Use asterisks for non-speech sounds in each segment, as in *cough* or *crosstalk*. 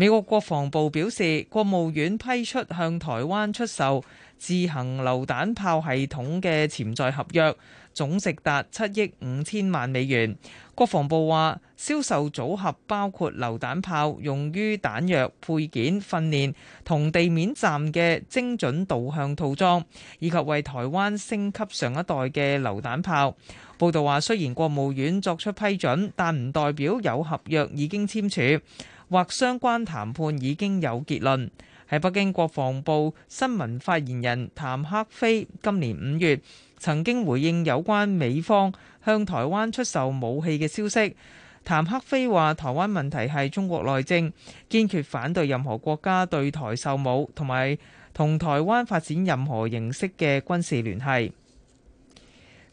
美國國防部表示，國務院批出向台灣出售自行榴彈炮系統嘅潛在合約，總值達七億五千萬美元。國防部話，銷售組合包括榴彈炮、用於彈藥配件、訓練同地面站嘅精準導向套裝，以及為台灣升級上一代嘅榴彈炮。報道話，雖然國務院作出批准，但唔代表有合約已經簽署，或相關談判已經有結論。喺北京，國防部新聞發言人譚克非今年五月曾經回應有關美方向台灣出售武器嘅消息。譚克非話：台灣問題係中國內政，堅決反對任何國家對台售武同埋同台灣發展任何形式嘅軍事聯繫。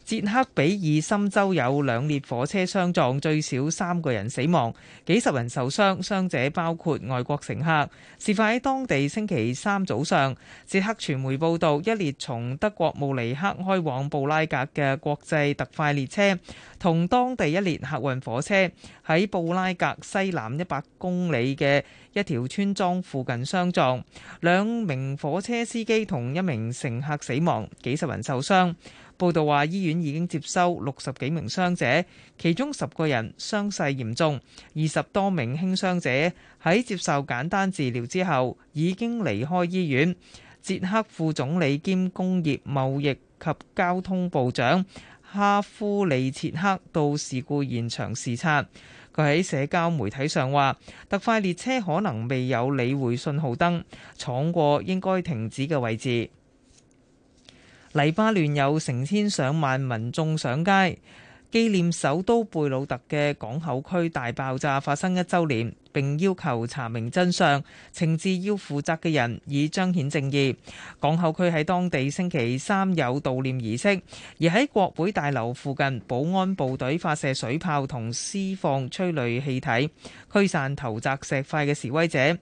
捷克比爾森州有兩列火車相撞，最少三個人死亡，幾十人受傷，傷者包括外國乘客。事發喺當地星期三早上。捷克傳媒報道，一列從德國慕尼黑開往布拉格嘅國際特快列車，同當地一列客運火車喺布拉格西南一百公里嘅一條村莊附近相撞，兩名火車司機同一名乘客死亡，幾十人受傷。報道話，醫院已經接收六十幾名傷者，其中十個人傷勢嚴重，二十多名輕傷者喺接受簡單治療之後已經離開醫院。捷克副總理兼工業貿易及交通部長哈夫利切克到事故現場視察。佢喺社交媒體上話：特快列車可能未有理會信號燈，闖過應該停止嘅位置。黎巴嫩有成千上萬民眾上街紀念首都貝魯特嘅港口區大爆炸發生一週年，並要求查明真相、懲治要負責嘅人，以彰顯正義。港口區喺當地星期三有悼念儀式，而喺國會大樓附近，保安部隊發射水炮同施放催淚氣體，驅散投擲石塊嘅示威者。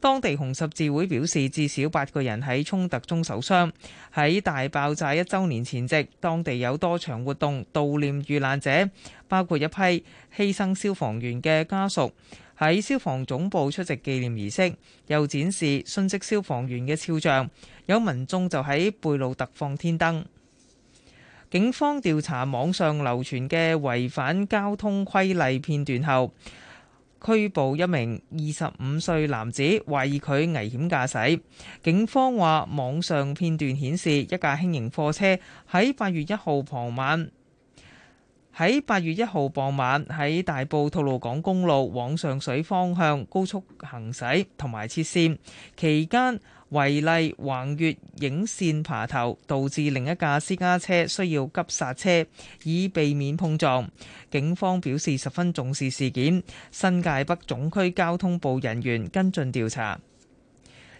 當地紅十字會表示，至少八個人喺衝突中受傷。喺大爆炸一周年前夕，當地有多場活動悼念遇難者，包括一批犧牲消防員嘅家屬喺消防總部出席紀念儀式，又展示殉職消防員嘅肖像。有民眾就喺貝魯特放天燈。警方調查網上流傳嘅違反交通規例片段後，拘捕一名二十五歲男子，懷疑佢危險駕駛，警方話網上片段顯示一架輕型貨車喺八月一號傍晚喺八月一號傍晚喺大埔吐露港公路往上水方向高速行駛同埋切綫期間。違例橫越影線爬頭，導致另一架私家車需要急剎車以避免碰撞。警方表示十分重視事件，新界北總區交通部人員跟進調查。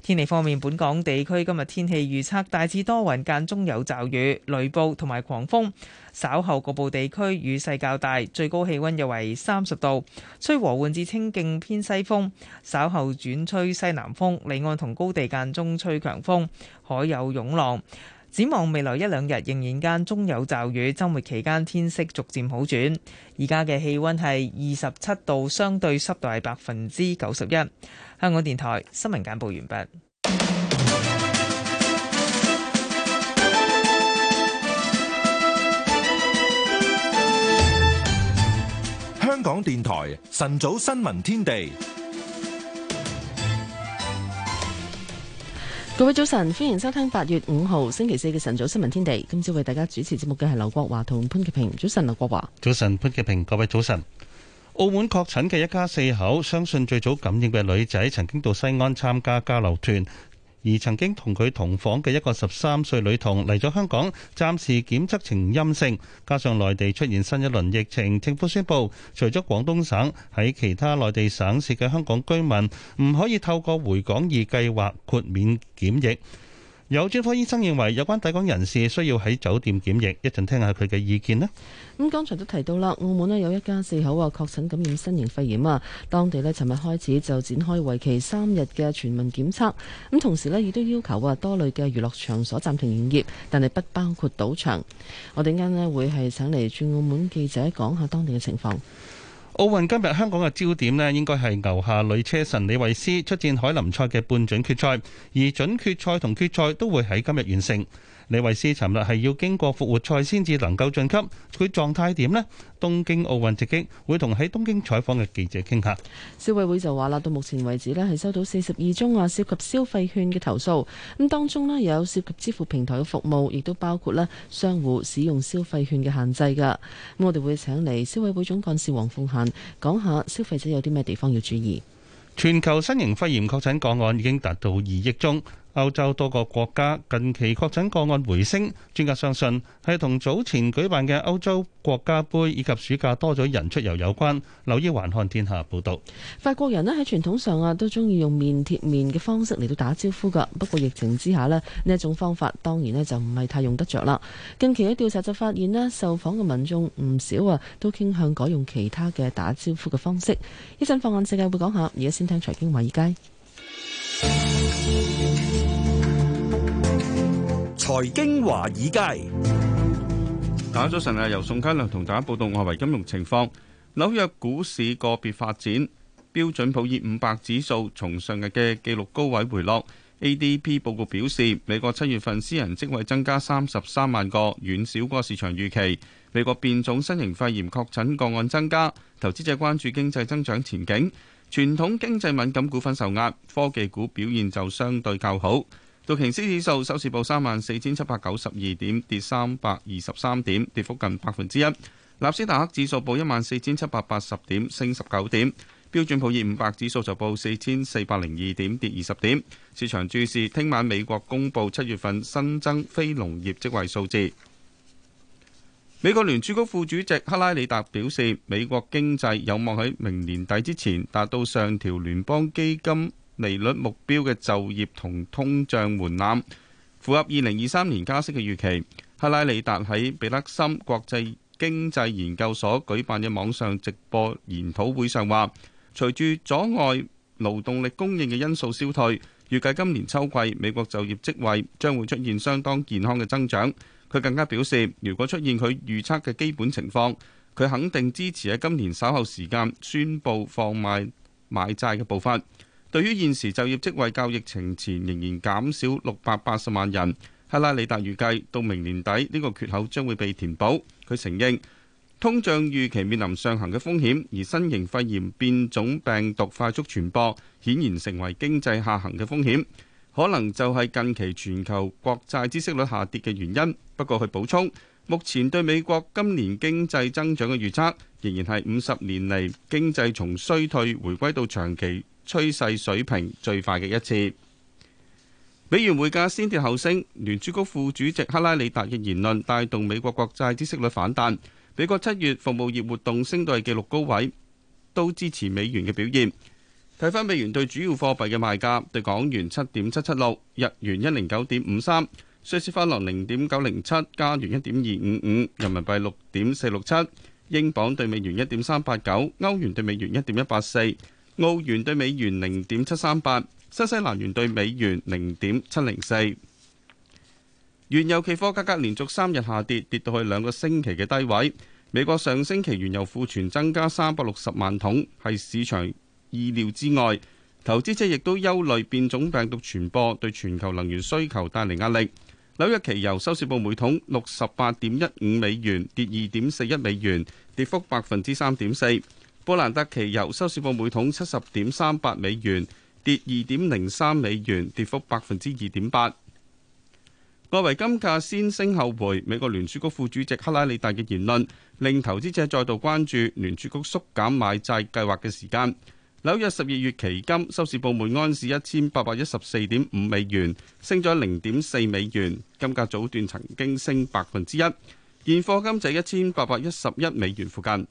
天氣方面，本港地區今日天氣預測，大致多雲，間中有驟雨、雷暴同埋狂風。稍後局部地區雨勢較大，最高氣溫約為三十度，吹和緩至清勁偏西風。稍後轉吹西南風，離岸同高地間中吹強風，海有湧浪。展望未來一兩日仍然間中有驟雨，週末期間天色逐漸好轉。而家嘅氣溫係二十七度，相對濕度係百分之九十一。香港電台新聞簡報完畢。香港電台晨早新聞天地，各位早晨，歡迎收聽八月五號星期四嘅晨早新聞天地。今朝為大家主持節目嘅係劉國華同潘潔平。早晨，劉國華。早晨，潘潔平。各位早晨。澳門確診嘅一家四口，相信最早感染嘅女仔曾經到西安參加交流團，而曾經同佢同房嘅一個十三歲女童嚟咗香港，暫時檢測呈陰性。加上內地出現新一輪疫情，政府宣布，除咗廣東省喺其他內地省市嘅香港居民，唔可以透過回港易計劃豁免檢疫。有專科醫生認為，有關抵港人士需要喺酒店檢疫，一陣聽下佢嘅意見咧。咁剛才都提到啦，澳門咧有一家四口啊確診感染新型肺炎啊，當地呢尋日開始就展開為期三日嘅全民檢測，咁同時呢，亦都要求啊多類嘅娛樂場所暫停營業，但係不包括賭場。我哋陣間呢會係請嚟駐澳門記者講下當地嘅情況。奧運今日香港嘅焦點咧，應該係牛下女車神李慧詩出戰海林賽嘅半準決賽，而準決賽同決賽都會喺今日完成。李慧詩尋日係要經過復活賽先至能夠晉級，佢狀態點呢？東京奧運直擊會同喺東京採訪嘅記者傾下。消委會就話啦，到目前為止咧係收到四十二宗啊涉及消費券嘅投訴，咁當中咧有涉及支付平台嘅服務，亦都包括咧商戶使用消費券嘅限制㗎。咁我哋會請嚟消委會總幹事黃鳳嫺講下消費者有啲咩地方要注意。全球新型肺炎確診個案已經達到二億宗。歐洲多個國家近期確診個案回升，專家相信係同早前舉辦嘅歐洲國家杯以及暑假多咗人出遊有關。留意環看天下報道。法國人咧喺傳統上啊都中意用面貼面嘅方式嚟到打招呼噶，不過疫情之下咧呢一種方法當然咧就唔係太用得着啦。近期嘅調查就發現咧，受訪嘅民眾唔少啊都傾向改用其他嘅打招呼嘅方式。一陣放眼世界會講下，而家先聽財經華爾街。財經華爾街，打早晨，啊！由宋佳良同大家報道外圍金融情況。紐約股市個別發展，標準普爾五百指數從上日嘅紀錄高位回落。ADP 報告表示，美國七月份私人職位增加三十三萬個，遠少過市場預期。美國變種新型肺炎確診個案增加，投資者關注經濟增長前景。傳統經濟敏感股份受壓，科技股表現就相對較好。道瓊斯指數收市報三萬四千七百九十二點，跌三百二十三點，跌幅近百分之一。納斯達克指數報一萬四千七百八十點，升十九點。標準普爾五百指數就報四千四百零二點，跌二十點。市場注視聽晚美國公佈七月份新增非農業職位數字。美國聯儲局副主席克拉里達表示，美國經濟有望喺明年底之前達到上調聯邦基金利率目標嘅就業同通脹門檻，符合二零二三年加息嘅預期。克拉里達喺彼得森國際經濟研究所舉辦嘅網上直播研討會上話，隨住阻礙勞動力供應嘅因素消退，預計今年秋季美國就業職位將會出現相當健康嘅增長。佢更加表示，如果出現佢預測嘅基本情況，佢肯定支持喺今年稍後時間宣布放買買債嘅步伐。對於現時就業職位較疫情前仍然減少六百八十萬人，克拉里達預計到明年底呢個缺口將會被填補。佢承認通脹預期面臨上行嘅風險，而新型肺炎變種病毒快速傳播顯然成為經濟下行嘅風險。可能就係近期全球國債孳息率下跌嘅原因。不過，佢補充，目前對美國今年經濟增長嘅預測，仍然係五十年嚟經濟從衰退回歸到長期趨勢水平最快嘅一次。美元匯價先跌後升，聯儲局副主席克拉里達嘅言論帶動美國國債孳息率反彈。美國七月服務業活動升到係紀錄高位，都支持美元嘅表現。睇返美元兌主要貨幣嘅賣價，兌港元七點七七六，日元一零九點五三，瑞士法郎零點九零七，加元一點二五五，人民幣六點四六七，英鎊兌美元一點三八九，歐元兌美元一點一八四，澳元兌美元零點七三八，新西蘭元兌美元零點七零四。原油期貨價格連續三日下跌，跌到去兩個星期嘅低位。美國上星期原油庫存增加三百六十萬桶，係市場意料之外，投資者亦都憂慮變種病毒傳播對全球能源需求帶嚟壓力。紐約期油收市報每桶六十八點一五美元，跌二點四一美元，跌幅百分之三點四。布蘭特期油收市報每桶七十點三八美元，跌二點零三美元，跌幅百分之二點八。外圍金價先升後回，美國聯儲局副主席克拉里達嘅言論令投資者再度關注聯儲局縮減買債計劃嘅時間。紐約十二月期金收市報每安士一千八百一十四點五美元，升咗零點四美元。金價早段曾經升百分之一，現貨金在一千八百一十一美元附近。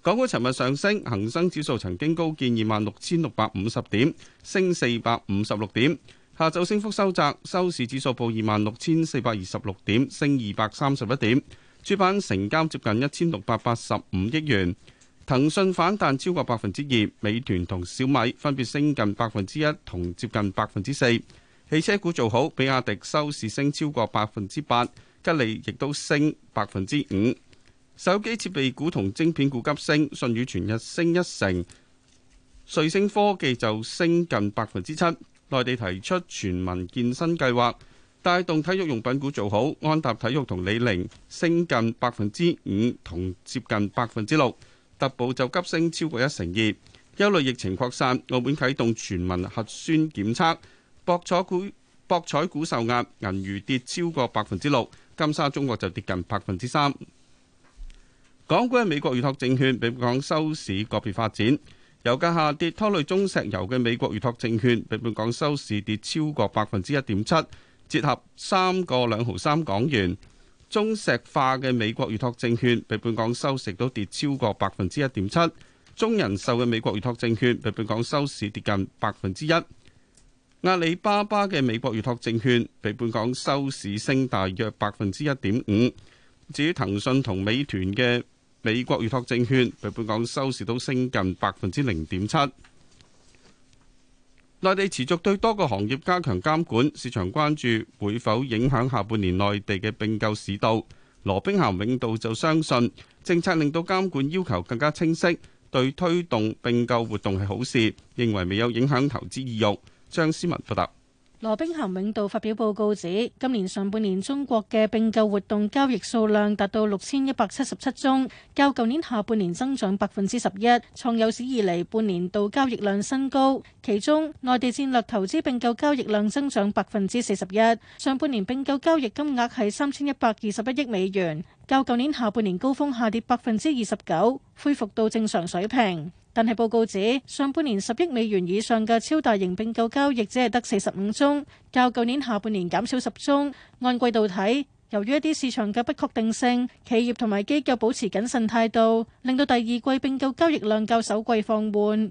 港股尋日上升，恒生指數曾經高見二萬六千六百五十點，升四百五十六點。下晝升幅收窄，收市指數報二萬六千四百二十六點，升二百三十一點。主板成交接近一千六百八十五億元。騰訊反彈超過百分之二，美團同小米分別升近百分之一同接近百分之四。汽車股做好，比亞迪收市升超過百分之八，吉利亦都升百分之五。手機設備股同晶片股急升，舜宇全日升一成，瑞聲科技就升近百分之七。內地提出全民健身計劃，帶動體育用品股做好，安踏體育同李寧升近百分之五同接近百分之六。特步就急升超過一成二。憂慮疫情擴散，澳門啟動全民核酸檢測。博彩股博彩股受壓，銀娛跌超過百分之六，金沙中國就跌近百分之三。港股嘅美國預託證券，比本港收市個別發展，油價下跌拖累中石油嘅美國預託證券，比本港收市跌超過百分之一點七，折合三個兩毫三港元。中石化嘅美國預託證券比本港收市都跌超過百分之一點七，中人壽嘅美國預託證券比本港收市跌近百分之一，阿里巴巴嘅美國預託證券比本港收市升大約百分之一點五，至於騰訊同美團嘅美國預託證券比本港收市都升近百分之零點七。內地持續對多個行業加強監管，市場關注會否影響下半年內地嘅併購市道？羅兵咸永道就相信政策令到監管要求更加清晰，對推動併購活動係好事，認為未有影響投資意欲。張思文報道。羅兵咸永道發表報告指，今年上半年中國嘅併購活動交易數量達到六千一百七十七宗，較舊年下半年增長百分之十一，創有史以嚟半年度交易量新高。其中，內地戰略投資併購交易量增長百分之四十一，上半年併購交易金額係三千一百二十一億美元。較舊年下半年高峰下跌百分之二十九，恢復到正常水平。但係報告指，上半年十億美元以上嘅超大型併購交易只係得四十五宗，較舊年下半年減少十宗。按季度睇，由於一啲市場嘅不確定性，企業同埋機構保持謹慎態度，令到第二季併購交易量較首季放緩。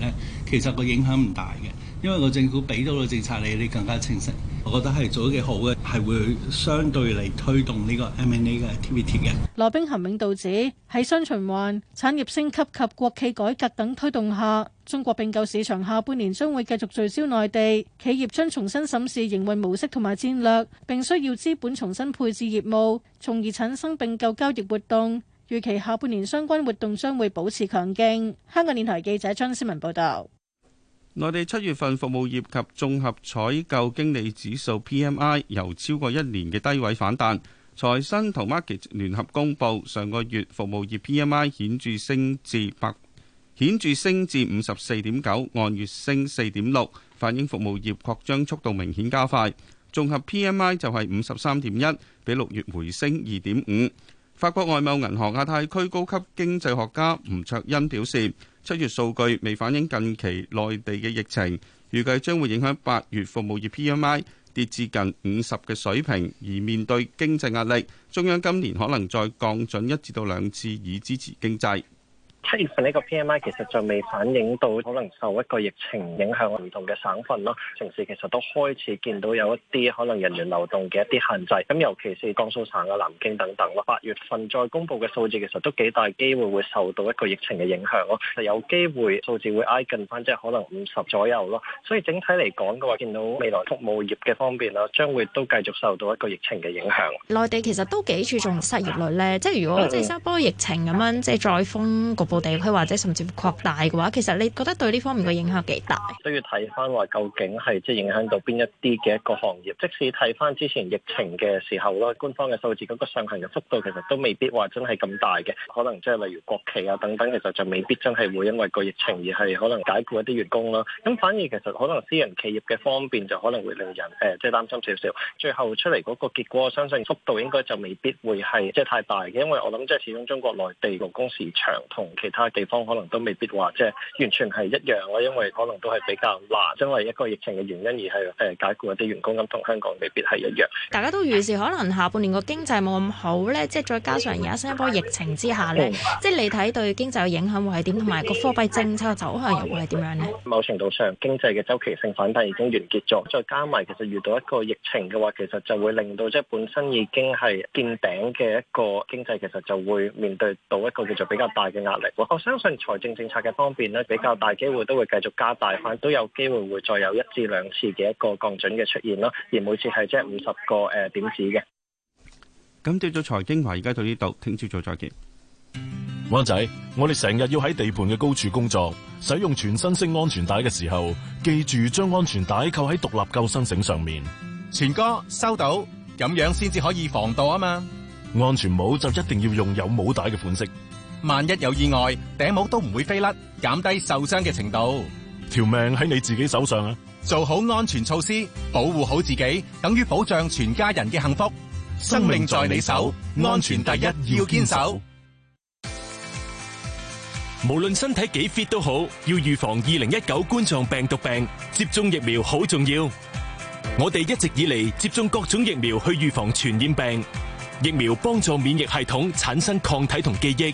其實個影響唔大嘅，因為個政府俾到個政策你，你更加清晰。我覺得係做得幾好嘅，係會相對嚟推動呢個 M&A 嘅 TVT 嘅？羅兵咸永道指喺雙循環、產業升級及國企改革等推動下，中國並購市場下半年將會繼續聚焦內地，企業將重新審視營運模式同埋戰略，並需要資本重新配置業務，從而產生並購交易活動。預期下半年相關活動將會保持強勁。香港電台記者張思文報道，內地七月份服務業及綜合採購經理指數 PMI 由超過一年嘅低位反彈。財新同 Markit 聯合公佈上個月服務業 PMI 顯著升至百，顯著升至五十四點九，按月升四點六，反映服務業擴張速度明顯加快。綜合 PMI 就係五十三點一，比六月回升二點五。法國外貿銀行亞太區高級經濟學家吳卓恩表示，七月數據未反映近期內地嘅疫情，預計將會影響八月服務業 PMI 跌至近五十嘅水平，而面對經濟壓力，中央今年可能再降準一至到兩次以支持經濟。七月份呢個 PMI 其實就未反映到，可能受一個疫情影響唔同嘅省份咯、啊，城市其實都開始見到有一啲可能人員流動嘅一啲限制。咁尤其是江蘇省啊、南京等等咯。八月份再公布嘅數字其實都幾大機會會受到一個疫情嘅影響咯，就有機會數字會挨近翻，即係可能五十左右咯、啊。所以整體嚟講嘅話，見到未來服務業嘅方面啦、啊，將會都繼續受到一個疫情嘅影響。內地其實都幾注重失業率咧，即係如果即係波疫情咁樣，即係再封局部。地區或者甚至擴大嘅話，其實你覺得對呢方面嘅影響幾大？都要睇翻話究竟係即係影響到邊一啲嘅一個行業。即使睇翻之前疫情嘅時候啦，官方嘅數字嗰個上行嘅幅度其實都未必話真係咁大嘅。可能即係例如國企啊等等，其實就未必真係會因為個疫情而係可能解雇一啲員工咯。咁反而其實可能私人企業嘅方便就可能會令人誒即係擔心少少。最後出嚟嗰個結果，我相信幅度應該就未必會係即係太大嘅，因為我諗即係始終中國內地勞工市場同其其他地方可能都未必話，即係完全係一樣咯，因為可能都係比較難，因為一個疫情嘅原因而係誒、呃、解僱一啲員工咁，同香港未必係一樣。大家都預示可能下半年個經濟冇咁好咧，即係再加上而家新一波疫情之下咧，哦、即係你睇對經濟嘅影響會係點，同埋個貨幣政策走向又會係點樣咧？某程度上，經濟嘅周期性反彈已經完結咗，再加埋其實遇到一個疫情嘅話，其實就會令到即係本身已經係見頂嘅一個經濟，其實就會面對到一個叫做比較大嘅壓力。我相信財政政策嘅方便咧，比較大機會都會繼續加大翻，都有機會會再有一至兩次嘅一個降準嘅出現咯。而每次係即係五十個誒、呃、點子嘅。咁朝早財經話，而家到呢度，聽朝早再見。灣仔，我哋成日要喺地盤嘅高處工作，使用全身式安全帶嘅時候，記住將安全帶扣喺獨立救生繩上面。錢哥收到，咁樣先至可以防墮啊嘛。安全帽就一定要用有帽帶嘅款式。萬一有意外，頂帽都唔會飛甩，減低受傷嘅程度。條命喺你自己手上啊！做好安全措施，保護好自己，等於保障全家人嘅幸福。生命在你手，安全第一，要堅守。無論身體幾 fit 都好，要預防二零一九冠狀病毒病，接種疫苗好重要。我哋一直以嚟，接種各種疫苗去預防傳染病，疫苗幫助免疫系統產生抗體同記憶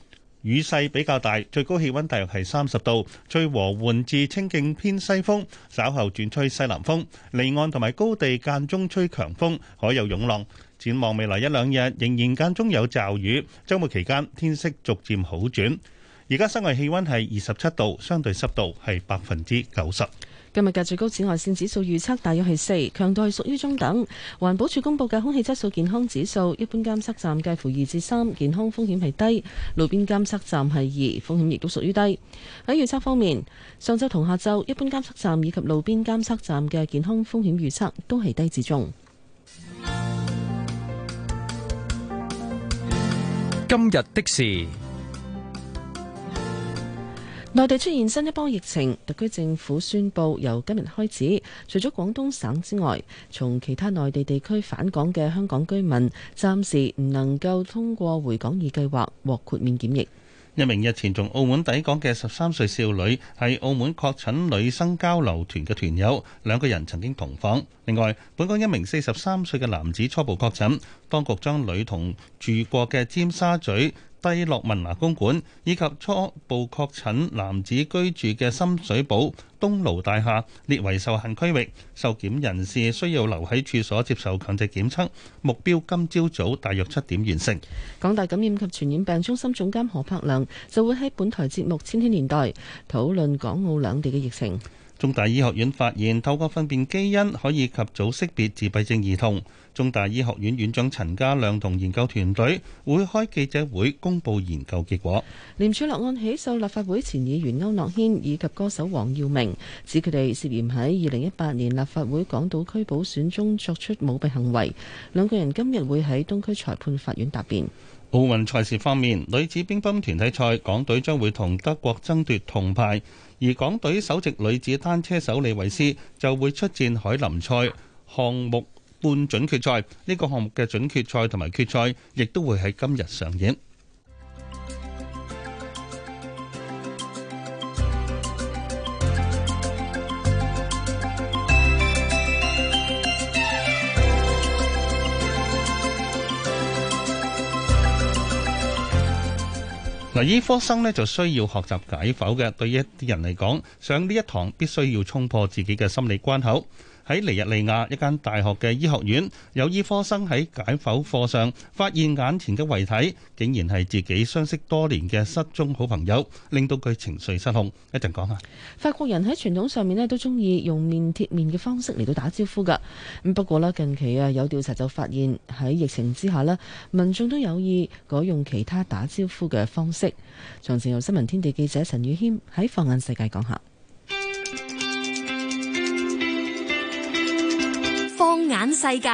雨勢比較大，最高氣温大約係三十度，吹和緩至清勁偏西風，稍後轉吹西南風。離岸同埋高地間中吹強風，海有湧浪。展望未來一兩日仍然間中有驟雨，周末期間天色逐漸好轉。而家室外氣温係二十七度，相對濕度係百分之九十。今日嘅最高紫外綫指數預測大約係四，強度係屬於中等。環保署公布嘅空氣質素健康指數，一般監測站介乎二至三，健康風險係低；路邊監測站係二，風險亦都屬於低。喺預測方面，上晝同下晝，一般監測站以及路邊監測站嘅健康風險預測都係低至中。今日的事。內地出現新一波疫情，特區政府宣布由今日開始，除咗廣東省之外，從其他內地地區返港嘅香港居民，暫時唔能夠通過回港易計劃獲豁免檢疫。一名日前從澳門抵港嘅十三歲少女，係澳門確診女生交流團嘅團友，兩個人曾經同房。另外，本港一名四十三歲嘅男子初步確診，當局將女童住過嘅尖沙咀低落文華公館以及初步確診男子居住嘅深水埗東盧大廈列為受限區域，受檢人士需要留喺處所接受強制檢測，目標今朝早,早大約七點完成。港大感染及傳染病中心總監何柏良就會喺本台節目《千禧年代》討論港澳兩地嘅疫情。中大醫學院發現，透過糞便基因可以及早識別自閉症兒童。中大醫學院院長陳家亮同研究團隊會開記者會公佈研究結果。廉署立案起訴立法會前議員區諾軒以及歌手黃耀明，指佢哋涉嫌喺二零一八年立法會港島區補選中作出舞弊行為。兩個人今日會喺東區裁判法院答辯。奧運賽事方面，女子乒乓團體賽，港隊將會同德國爭奪銅牌，而港隊首席女子單車手李維斯就會出戰海林賽項目。半準決賽呢、呢個項目嘅準決賽同埋決賽，亦都會喺今日上演。嗱，醫 *music* 科生呢就需要學習解剖嘅，對於一啲人嚟講，上呢一堂必須要衝破自己嘅心理關口。喺尼日利亞一間大學嘅醫學院，有醫科生喺解剖課上發現眼前嘅遺體，竟然係自己相識多年嘅失蹤好朋友，令到佢情緒失控。講一陣講下。法國人喺傳統上面咧都中意用面貼面嘅方式嚟到打招呼噶。咁不過咧，近期啊有調查就發現喺疫情之下咧，民眾都有意改用其他打招呼嘅方式。從前由新聞天地記者陳宇謙喺放眼世界講下。放眼世界，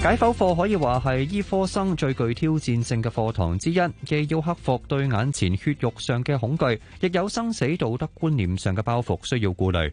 解剖課可以話係醫科生最具挑戰性嘅課堂之一，既要克服對眼前血肉上嘅恐懼，亦有生死、道德觀念上嘅包袱需要顧慮。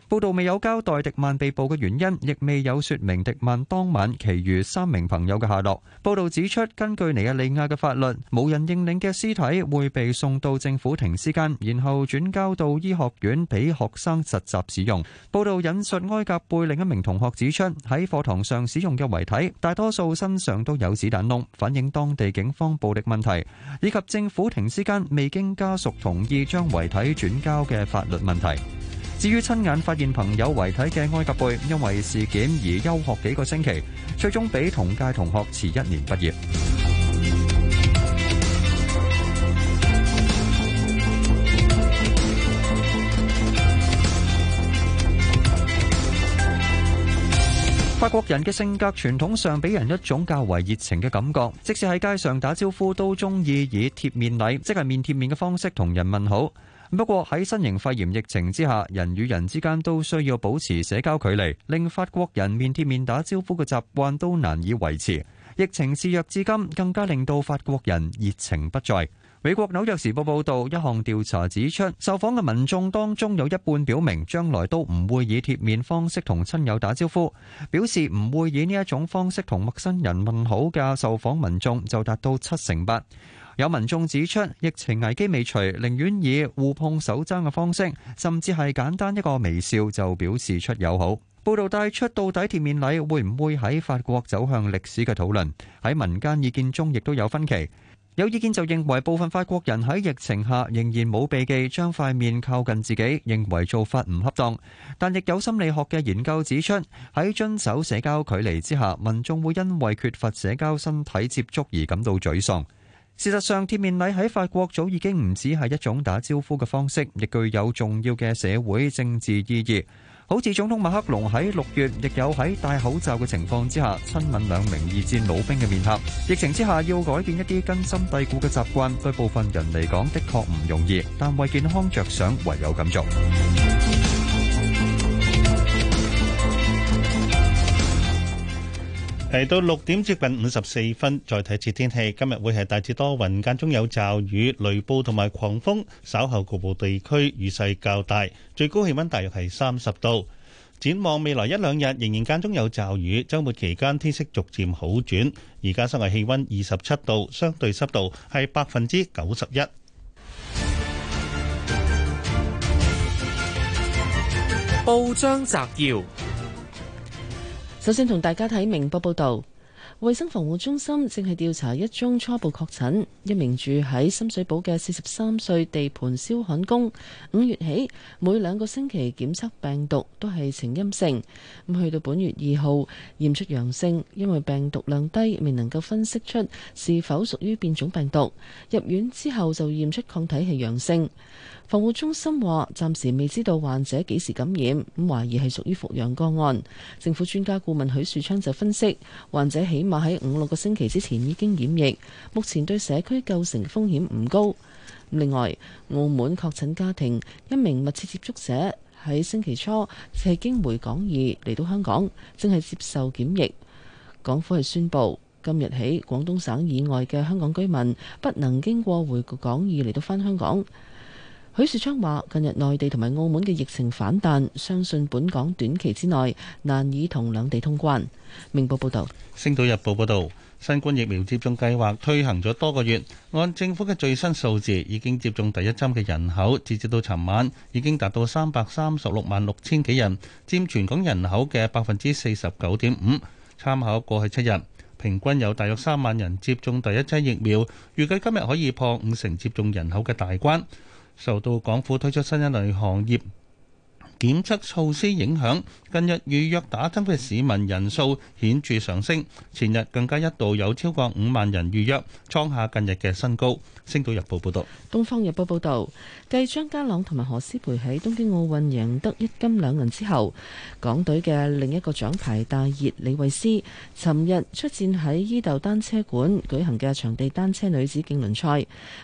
報道未有交代迪曼被捕嘅原因，亦未有說明迪曼當晚其餘三名朋友嘅下落。報道指出，根據尼日利亞嘅法律，無人認領嘅屍體會被送到政府停屍間，然後轉交到醫學院俾學生實習使用。報道引述埃格貝另一名同學指出，喺課堂上使用嘅遺體，大多數身上都有子彈窿，反映當地警方暴力問題，以及政府停屍間未經家屬同意將遺體轉交嘅法律問題。至於親眼發現朋友遺體嘅埃及貝，因為事件而休學幾個星期，最終比同屆同學遲一年畢業。法國人嘅性格傳統上俾人一種較為熱情嘅感覺，即使喺街上打招呼，都中意以貼面禮，即係面貼面嘅方式同人問好。不過喺新型肺炎疫情之下，人與人之間都需要保持社交距離，令法國人面貼面打招呼嘅習慣都難以維持。疫情肆虐至今，更加令到法國人熱情不再。美國紐約時報報導，一項調查指出，受訪嘅民眾當中有一半表明將來都唔會以貼面方式同親友打招呼，表示唔會以呢一種方式同陌生人問好嘅受訪民眾就達到七成八。有民眾指出，疫情危機未除，寧願以互碰手踭嘅方式，甚至係簡單一個微笑就表示出友好。報道帶出到底貼面禮會唔會喺法國走向歷史嘅討論。喺民間意見中，亦都有分歧。有意見就認為部分法國人喺疫情下仍然冇避忌，將塊面靠近自己，認為做法唔恰當。但亦有心理學嘅研究指出，喺遵守社交距離之下，民眾會因為缺乏社交身體接觸而感到沮喪。事實上，貼面禮喺法國早已經唔止係一種打招呼嘅方式，亦具有重要嘅社會政治意義。好似總統馬克龍喺六月，亦有喺戴口罩嘅情況之下，親吻兩名二戰老兵嘅面頰。疫情之下，要改變一啲根深蒂固嘅習慣，對部分人嚟講的確唔容易，但為健康着想，唯有咁做。嚟到六點接近五十四分，再睇次天氣。今日會係大致多雲，間中有驟雨、雷暴同埋狂風，稍後局部地區雨勢較大，最高氣温大約係三十度。展望未來一兩日仍然間中有驟雨，週末期間天色逐漸好轉。而家室外氣温二十七度，相對濕度係百分之九十一。報章摘要。首先同大家睇明報報道，衛生防護中心正係調查一宗初步確診，一名住喺深水埗嘅四十三歲地盤燒焊工，五月起每兩個星期檢測病毒都係呈陰性，咁去到本月二號驗出陽性，因為病毒量低，未能夠分析出是否屬於變種病毒。入院之後就驗出抗體係陽性。防護中心話：暫時未知道患者幾時感染，咁懷疑係屬於復陽個案。政府專家顧問許樹昌就分析，患者起碼喺五六個星期之前已經染疫，目前對社區構成風險唔高。另外，澳門確診家庭一名密切接觸者喺星期初係經回港易嚟到香港，正係接受檢疫。港府係宣布今日起，廣東省以外嘅香港居民不能經過回港易嚟到返香港。許樹昌話：近日內地同埋澳門嘅疫情反彈，相信本港短期之內難以同兩地通關。明報報導，《星島日報》報導，新冠疫苗接種計劃推行咗多個月，按政府嘅最新數字，已經接種第一針嘅人口，截至到尋晚已經達到三百三十六萬六千幾人，佔全港人口嘅百分之四十九點五。參考過去七日，平均有大約三萬人接種第一劑疫苗，預計今日可以破五成接種人口嘅大關。受到港府推出新一類行業。檢測措施影響，近日預約打針嘅市民人數顯著上升。前日更加一度有超過五萬人預約，創下近日嘅新高。星島日報報道。東方日報報道，繼張家朗同埋何詩蓓喺東京奧運贏得一金兩銀之後，港隊嘅另一個獎牌大熱李慧詩，尋日出戰喺伊豆單車館舉行嘅場地單車女子競輪賽，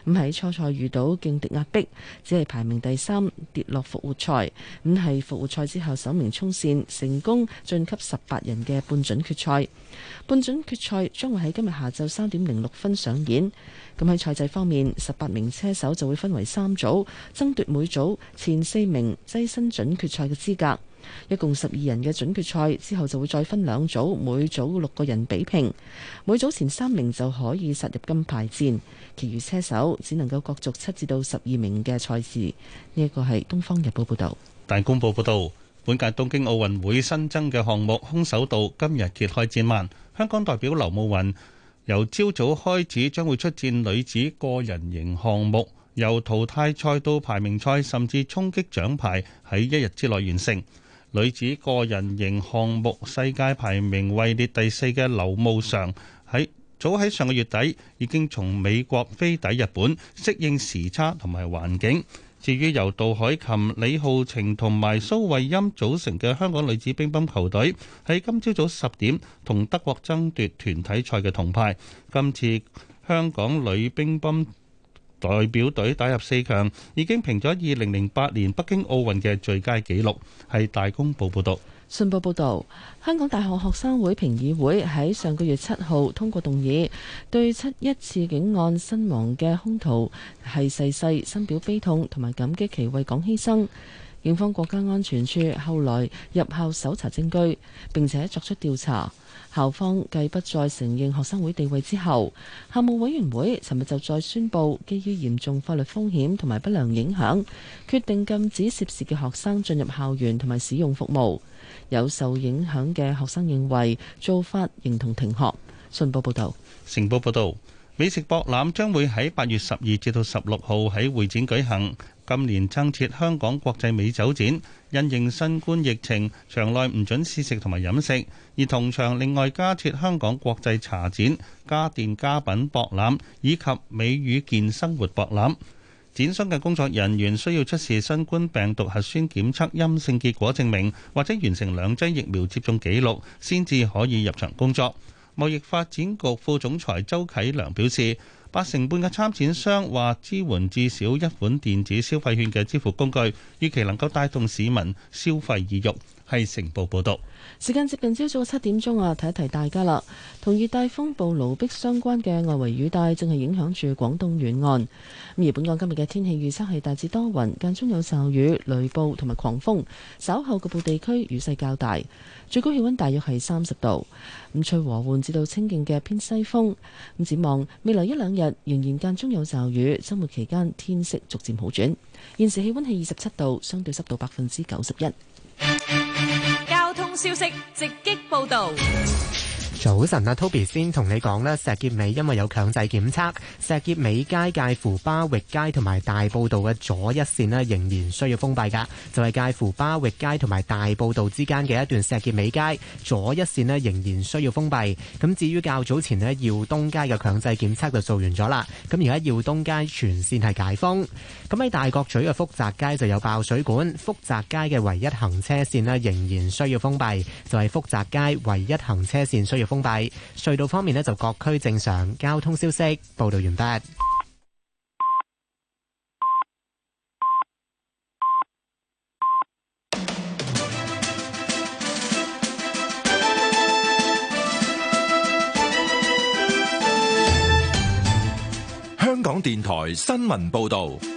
咁喺初賽遇到勁敵壓迫，只係排名第三，跌落復活賽。係復活賽之後，首名衝線成功晉級十八人嘅半準決賽。半準決賽將會喺今日下晝三點零六分上演。咁喺賽制方面，十八名車手就會分為三組，爭奪每組前四名躋身準決賽嘅資格。一共十二人嘅準決賽之後，就會再分兩組，每組六個人比拼。每組前三名就可以殺入金牌戰，其餘車手只能夠角逐七至到十二名嘅賽事。呢一個係《東方日報》報道。大公報報道，本屆東京奧運會新增嘅項目空手道今日揭開戰幔，香港代表劉慕裳由朝早開始將會出戰女子個人型項目，由淘汰賽到排名賽甚至衝擊獎牌喺一日之內完成。女子個人型項目世界排名位列第四嘅劉慕裳，喺早喺上個月底已經從美國飛抵日本，適應時差同埋環境。至於由杜海琴、李浩晴同埋蘇慧音組成嘅香港女子乒乓球隊，喺今朝早十點同德國爭奪團體賽嘅銅牌。今次香港女乒乓代表隊打入四強，已經平咗二零零八年北京奧運嘅最佳紀錄。係大公報報道。信報報導，香港大學學生會評議會喺上個月七號通過動議，對七一刺警案身亡嘅兇徒係逝世深表悲痛，同埋感激其為港犧牲。警方國家安全處後來入校搜查證據，並且作出調查。校方繼不再承認學生會地位之後，校務委員會尋日就再宣布，基於嚴重法律風險同埋不良影響，決定禁止涉事嘅學生進入校園同埋使用服務。有受影響嘅學生認為做法認同停學。信報報導，成報報導，美食博覽將會喺八月十二至到十六號喺會展舉行。今年增設香港國際美酒展，因應新冠疫情，場內唔準試食同埋飲食，而同場另外加設香港國際茶展、家電家品博覽以及美與健生活博覽。展商嘅工作人員需要出示新冠病毒核酸檢測陰性結果證明，或者完成兩劑疫苗接種記錄先至可以入場工作。貿易發展局副總裁周啟良表示，八成半嘅參展商話支援至少一款電子消費券嘅支付工具，預期能夠帶動市民消費意欲。係成報報道。時間接近朝早七點鐘啊，提一提大家啦。同熱帶風暴盧碧相關嘅外圍雨帶正係影響住廣東沿岸。而本港今日嘅天氣預測係大致多雲，間中有驟雨、雷暴同埋狂風。稍後局部地區雨勢較大，最高氣溫大約係三十度。吹和緩至到清勁嘅偏西風。咁展望未來一兩日仍然間中有驟雨，週末期間天色逐漸好轉。現時氣溫係二十七度，相對濕度百分之九十一。消息直擊報道。早晨啊，Toby 先同你講咧，石硤尾因為有強制檢測，石硤尾街介乎巴域街同埋大埔道嘅左一線咧仍然需要封閉噶，就係介乎巴域街同埋大埔道之間嘅一段石硤尾街左一線咧仍然需要封閉。咁至於較早前呢，耀東街嘅強制檢測就做完咗啦，咁而家耀東街全線係解封。咁喺大角咀嘅福全街就有爆水管，福全街嘅唯一行車線咧，仍然需要封閉，就係福全街唯一行車線需要封閉。隧道方面咧就各區正常。交通消息，報導完畢。香港電台新聞報導。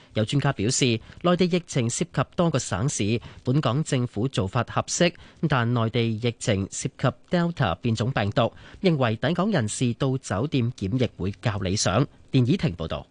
有專家表示，內地疫情涉及多個省市，本港政府做法合適，但內地疫情涉及 Delta 變種病毒，認為抵港人士到酒店檢疫會較理想。連倚婷報導。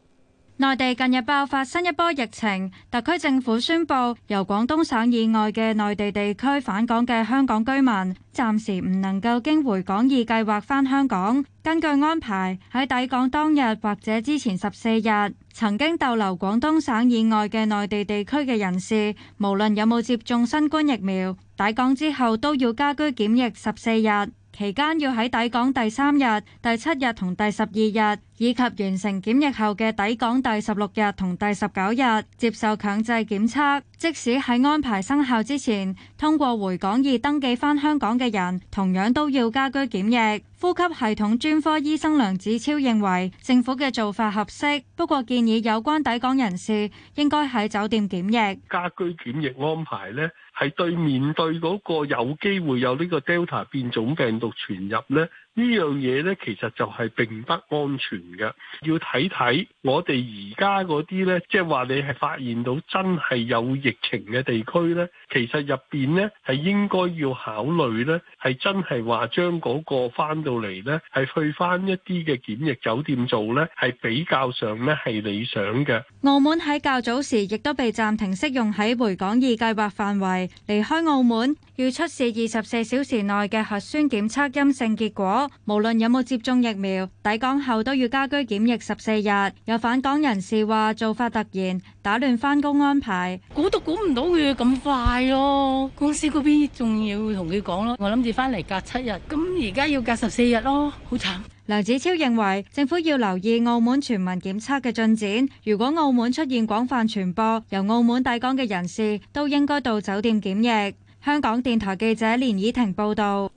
內地近日爆發新一波疫情，特區政府宣佈，由廣東省以外嘅內地地區返港嘅香港居民，暫時唔能夠經回港易計劃返香港。根據安排，喺抵港當日或者之前十四日曾經逗留廣東省以外嘅內地地區嘅人士，無論有冇接種新冠疫苗，抵港之後都要家居檢疫十四日，期間要喺抵港第三日、第七日同第十二日。以及完成檢疫後嘅抵港第十六日同第十九日接受強制檢測，即使喺安排生效之前通過回港易登記返香港嘅人，同樣都要家居檢疫。呼吸系統專科醫生梁子超認為政府嘅做法合適，不過建議有關抵港人士應該喺酒店檢疫。家居檢疫安排呢，係對面對嗰個有機會有呢個 Delta 變種病毒傳入呢。呢樣嘢呢，其實就係並不安全嘅，要睇睇我哋而家嗰啲呢，即係話你係發現到真係有疫情嘅地區呢，其實入邊呢，係應該要考慮呢，係真係話將嗰個翻到嚟，呢係去翻一啲嘅檢疫酒店做呢，係比較上呢，係理想嘅。澳門喺較早時亦都被暫停適用喺回港易計劃範圍，離開澳門要出示二十四小時內嘅核酸檢測陰性結果，無論有冇接種疫苗，抵港後都要家居檢疫十四日。有返港人士話做法突然打亂翻工安排，估都估唔到佢會咁快咯，公司嗰邊仲要同佢講咯。我諗住翻嚟，隔七日，咁而家要隔十四日咯，好慘。梁子超認為政府要留意澳門全民檢測嘅進展，如果澳門出現廣泛傳播，由澳門抵港嘅人士都應該到酒店檢疫。香港電台記者連綺婷報道，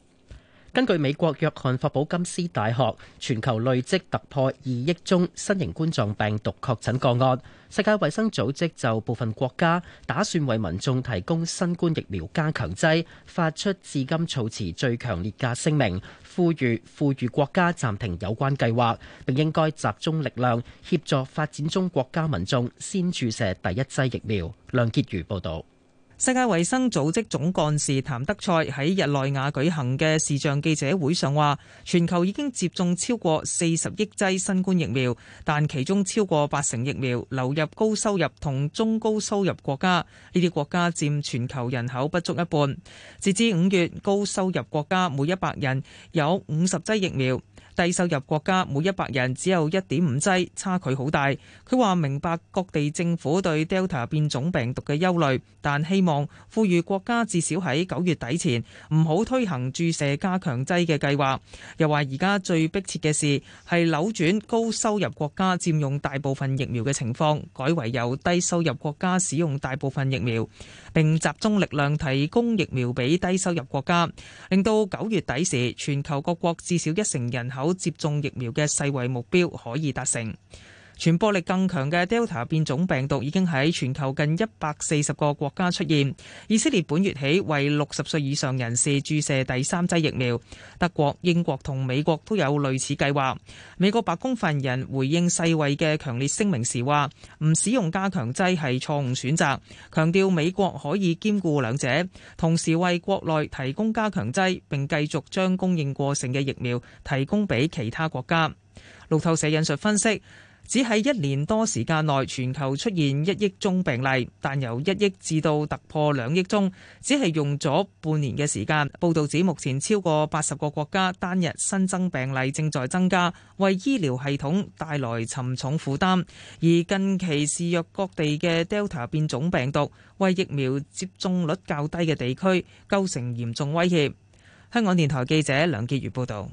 根據美國約翰霍普金斯大學，全球累積突破二億宗新型冠狀病毒確診個案。世界衛生組織就部分國家打算為民眾提供新冠疫苗加強劑，發出至今措辭最強烈嘅聲明，呼籲富裕國家暫停有關計劃，並應該集中力量協助發展中國家民眾先注射第一劑疫苗。梁潔如報道。世界衛生組織總幹事譚德塞喺日內瓦舉行嘅視像記者會上話，全球已經接種超過四十億劑新冠疫苗，但其中超過八成疫苗流入高收入同中高收入國家，呢啲國家佔全球人口不足一半。截至五月，高收入國家每一百人有五十劑疫苗。低收入國家每一百人只有一點五劑，差距好大。佢話明白各地政府對 Delta 變種病毒嘅憂慮，但希望呼籲國家至少喺九月底前唔好推行注射加強劑嘅計劃。又話而家最迫切嘅事係扭轉高收入國家佔用大部分疫苗嘅情況，改為由低收入國家使用大部分疫苗，並集中力量提供疫苗俾低收入國家，令到九月底時全球各國至少一成人口有接種疫苗嘅世衛目標可以達成。傳播力更強嘅 Delta 變種病毒已經喺全球近一百四十個國家出現。以色列本月起為六十歲以上人士注射第三劑疫苗，德國、英國同美國都有類似計劃。美國白宮發言人回應世衛嘅強烈聲明時話：唔使用加強劑係錯誤選擇，強調美國可以兼顧兩者，同時為國內提供加強劑，並繼續將供應過剩嘅疫苗提供俾其他國家。路透社引述分析。只係一年多時間內，全球出現一億宗病例，但由一億至到突破兩億宗，只係用咗半年嘅時間，報道指，目前超過八十個國家單日新增病例正在增加，為醫療系統帶來沉重負擔，而近期肆虐各地嘅 Delta 變種病毒，為疫苗接種率較低嘅地區構成嚴重威脅，香港電台記者梁潔如報道。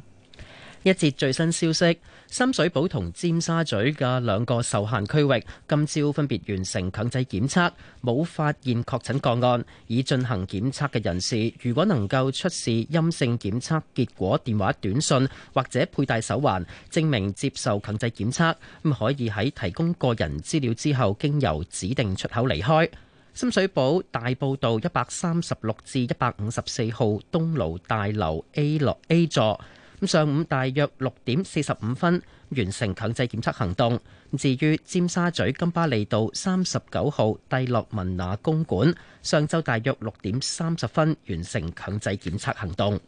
一節最新消息，深水埗同尖沙咀嘅兩個受限區域，今朝分別完成強制檢測，冇發現確診個案。已進行檢測嘅人士，如果能夠出示陰性檢測結果、電話短信或者佩戴手環，證明接受強制檢測，咁可以喺提供個人資料之後，經由指定出口離開。深水埗大埔道一百三十六至一百五十四號東路大樓 A 六 A 座。咁上午大約六點四十五分完成強制檢測行動。至於尖沙咀金巴利道三十九號帝樂文娜公館，上晝大約六點三十分完成強制檢測行動。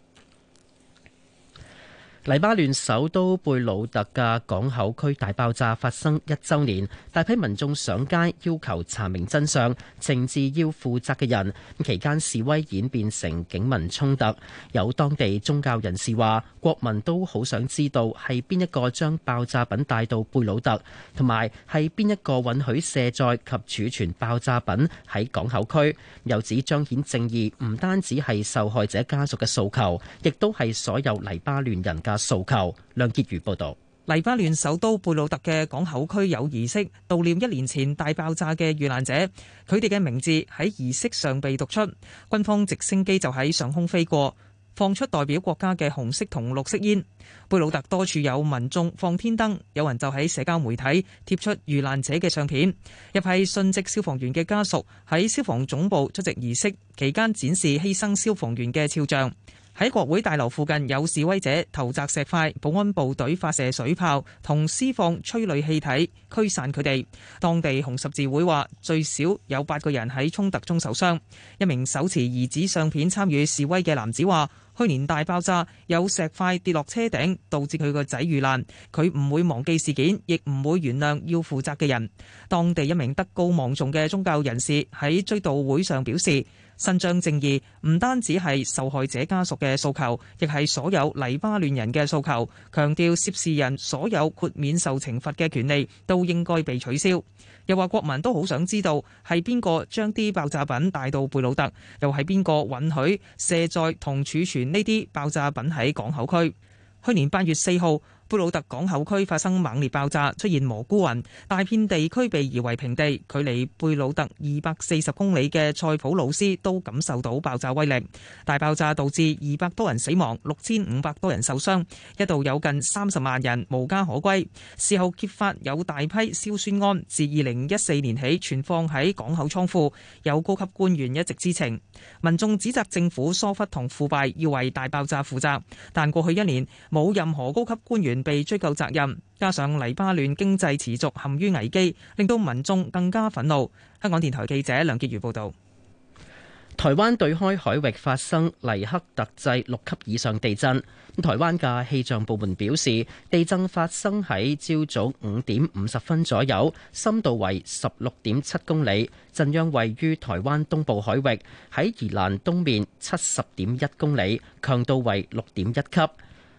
黎巴嫩首都貝魯特嘅港口區大爆炸發生一周年，大批民眾上街要求查明真相，懲治要負責嘅人。期間示威演變成警民衝突。有當地宗教人士話，國民都好想知道係邊一個將爆炸品帶到貝魯特，同埋係邊一個允許卸載及儲存爆炸品喺港口區。又指彰顯正義，唔單止係受害者家屬嘅訴求，亦都係所有黎巴嫩人訴求。梁潔如報導，黎巴嫩首都貝魯特嘅港口區有儀式悼念一年前大爆炸嘅遇難者，佢哋嘅名字喺儀式上被讀出。軍方直升機就喺上空飛過，放出代表國家嘅紅色同綠色煙。貝魯特多處有民眾放天燈，有人就喺社交媒體貼出遇難者嘅相片。一批殉職消防員嘅家屬喺消防總部出席儀式期間展示犧牲消防員嘅肖像。喺國會大樓附近有示威者投擲石塊，保安部隊發射水炮同施放催淚氣體驅散佢哋。當地紅十字會話最少有八個人喺衝突中受傷。一名手持兒子相片參與示威嘅男子話：去年大爆炸有石塊跌落車頂，導致佢個仔遇難。佢唔會忘記事件，亦唔會原諒要負責嘅人。當地一名德高望重嘅宗教人士喺追悼會上表示，伸張正義唔單止係受害者家屬嘅訴求，亦係所有黎巴嫩人嘅訴求。強調涉事人所有豁免受懲罰嘅權利都應該被取消。又話國民都好想知道係邊個將啲爆炸品帶到貝魯特，又係邊個允許卸載同儲存呢啲爆炸品喺港口區。去年八月四號，貝魯特港口區發生猛烈爆炸，出現蘑菇雲，大片地區被夷為平地。距離貝魯特二百四十公里嘅塞普魯斯都感受到爆炸威力。大爆炸導致二百多人死亡，六千五百多人受傷，一度有近三十萬人無家可歸。事後揭發有大批硝酸銨自二零一四年起存放喺港口倉庫，有高級官員一直知情。民眾指責政府疏忽同腐敗，要為大爆炸負責。但過去一年冇任何高級官員。被追究責任，加上黎巴嫩經濟持續陷於危機，令到民眾更加憤怒。香港電台記者梁潔如報導。台灣對開海域發生黎克特制六級以上地震。台灣嘅氣象部門表示，地震發生喺朝早五點五十分左右，深度為十六點七公里，震央位於台灣東部海域，喺宜蘭東面七十點一公里，強度為六點一級。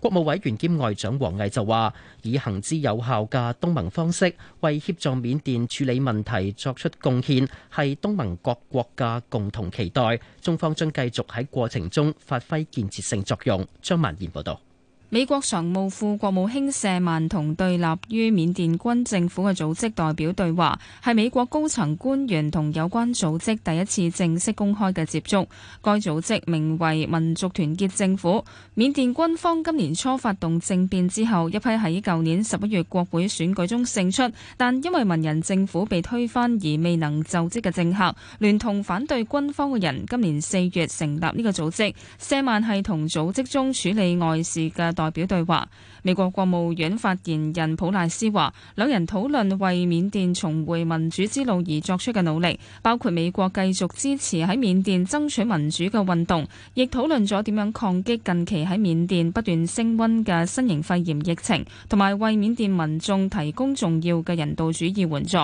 國務委員兼外長王毅就話，以行之有效嘅東盟方式，為協助緬甸處理問題作出貢獻，係東盟各國嘅共同期待。中方將繼續喺過程中發揮建設性作用。張曼言報道。美國常務副國務卿謝曼同對立於緬甸軍政府嘅組織代表對話，係美國高層官員同有關組織第一次正式公開嘅接觸。該組織名為民族團結政府。緬甸軍方今年初發動政變之後，一批喺舊年十一月國會選舉中勝出，但因為文人政府被推翻而未能就職嘅政客，聯同反對軍方嘅人，今年四月成立呢個組織。謝曼係同組織中處理外事嘅代表對話，美國國務院發言人普賴斯話，兩人討論為緬甸重回民主之路而作出嘅努力，包括美國繼續支持喺緬甸爭取民主嘅運動，亦討論咗點樣抗擊近期喺緬甸不斷升溫嘅新型肺炎疫情，同埋為緬甸民眾提供重要嘅人道主義援助。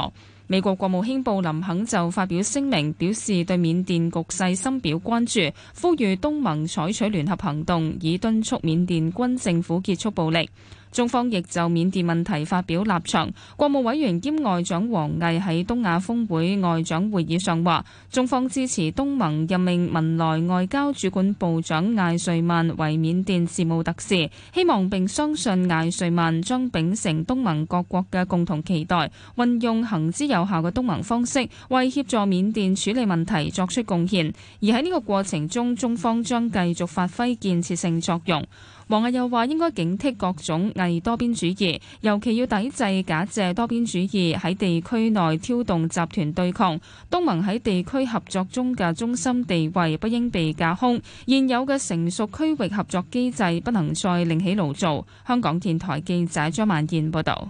美國國務卿布林肯就發表聲明，表示對緬甸局勢深表關注，呼籲東盟採取聯合行動，以敦促緬甸軍政府結束暴力。中方亦就緬甸問題發表立場，國務委員兼外長王毅喺東亞峰會外長會議上話，中方支持東盟任命文萊外交主管部長艾瑞曼為緬甸事務特使，希望並相信艾瑞曼將秉承東盟各國嘅共同期待，運用行之有效嘅東盟方式，為協助緬甸處理問題作出貢獻。而喺呢個過程中，中方將繼續發揮建設性作用。王毅又話：應該警惕各種偽多邊主義，尤其要抵制假借多邊主義喺地區內挑動集團對抗。東盟喺地區合作中嘅中心地位不應被架空，現有嘅成熟區域合作機制不能再另起爐灶。香港電台記者張曼燕報導。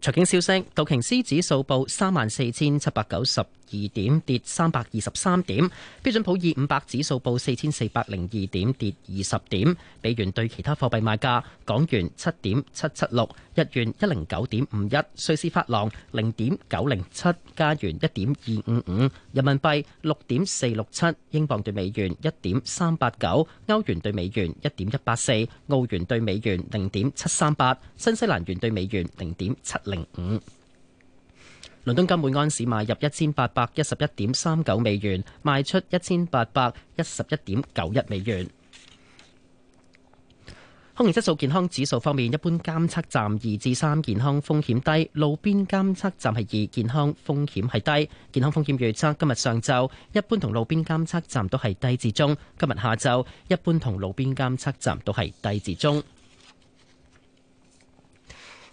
財經消息：道瓊斯指數報三萬四千七百九十。二點跌三百二十三點，標準普爾五百指數報四千四百零二點，跌二十點。美元對其他貨幣賣價：港元七點七七六，日元一零九點五一，瑞士法郎零點九零七，加元一點二五五，人民幣六點四六七，英鎊對美元一點三八九，歐元對美元一點一八四，澳元對美元零點七三八，新西蘭元對美元零點七零五。倫敦金每安士買入一千八百一十一點三九美元，賣出一千八百一十一點九一美元。空氣質素健康指數方面，一般監測站二至三健康風險低，路邊監測站係二健康風險係低。健康風險預測今日上晝一般同路邊監測站都係低至中，今日下晝一般同路邊監測站都係低至中。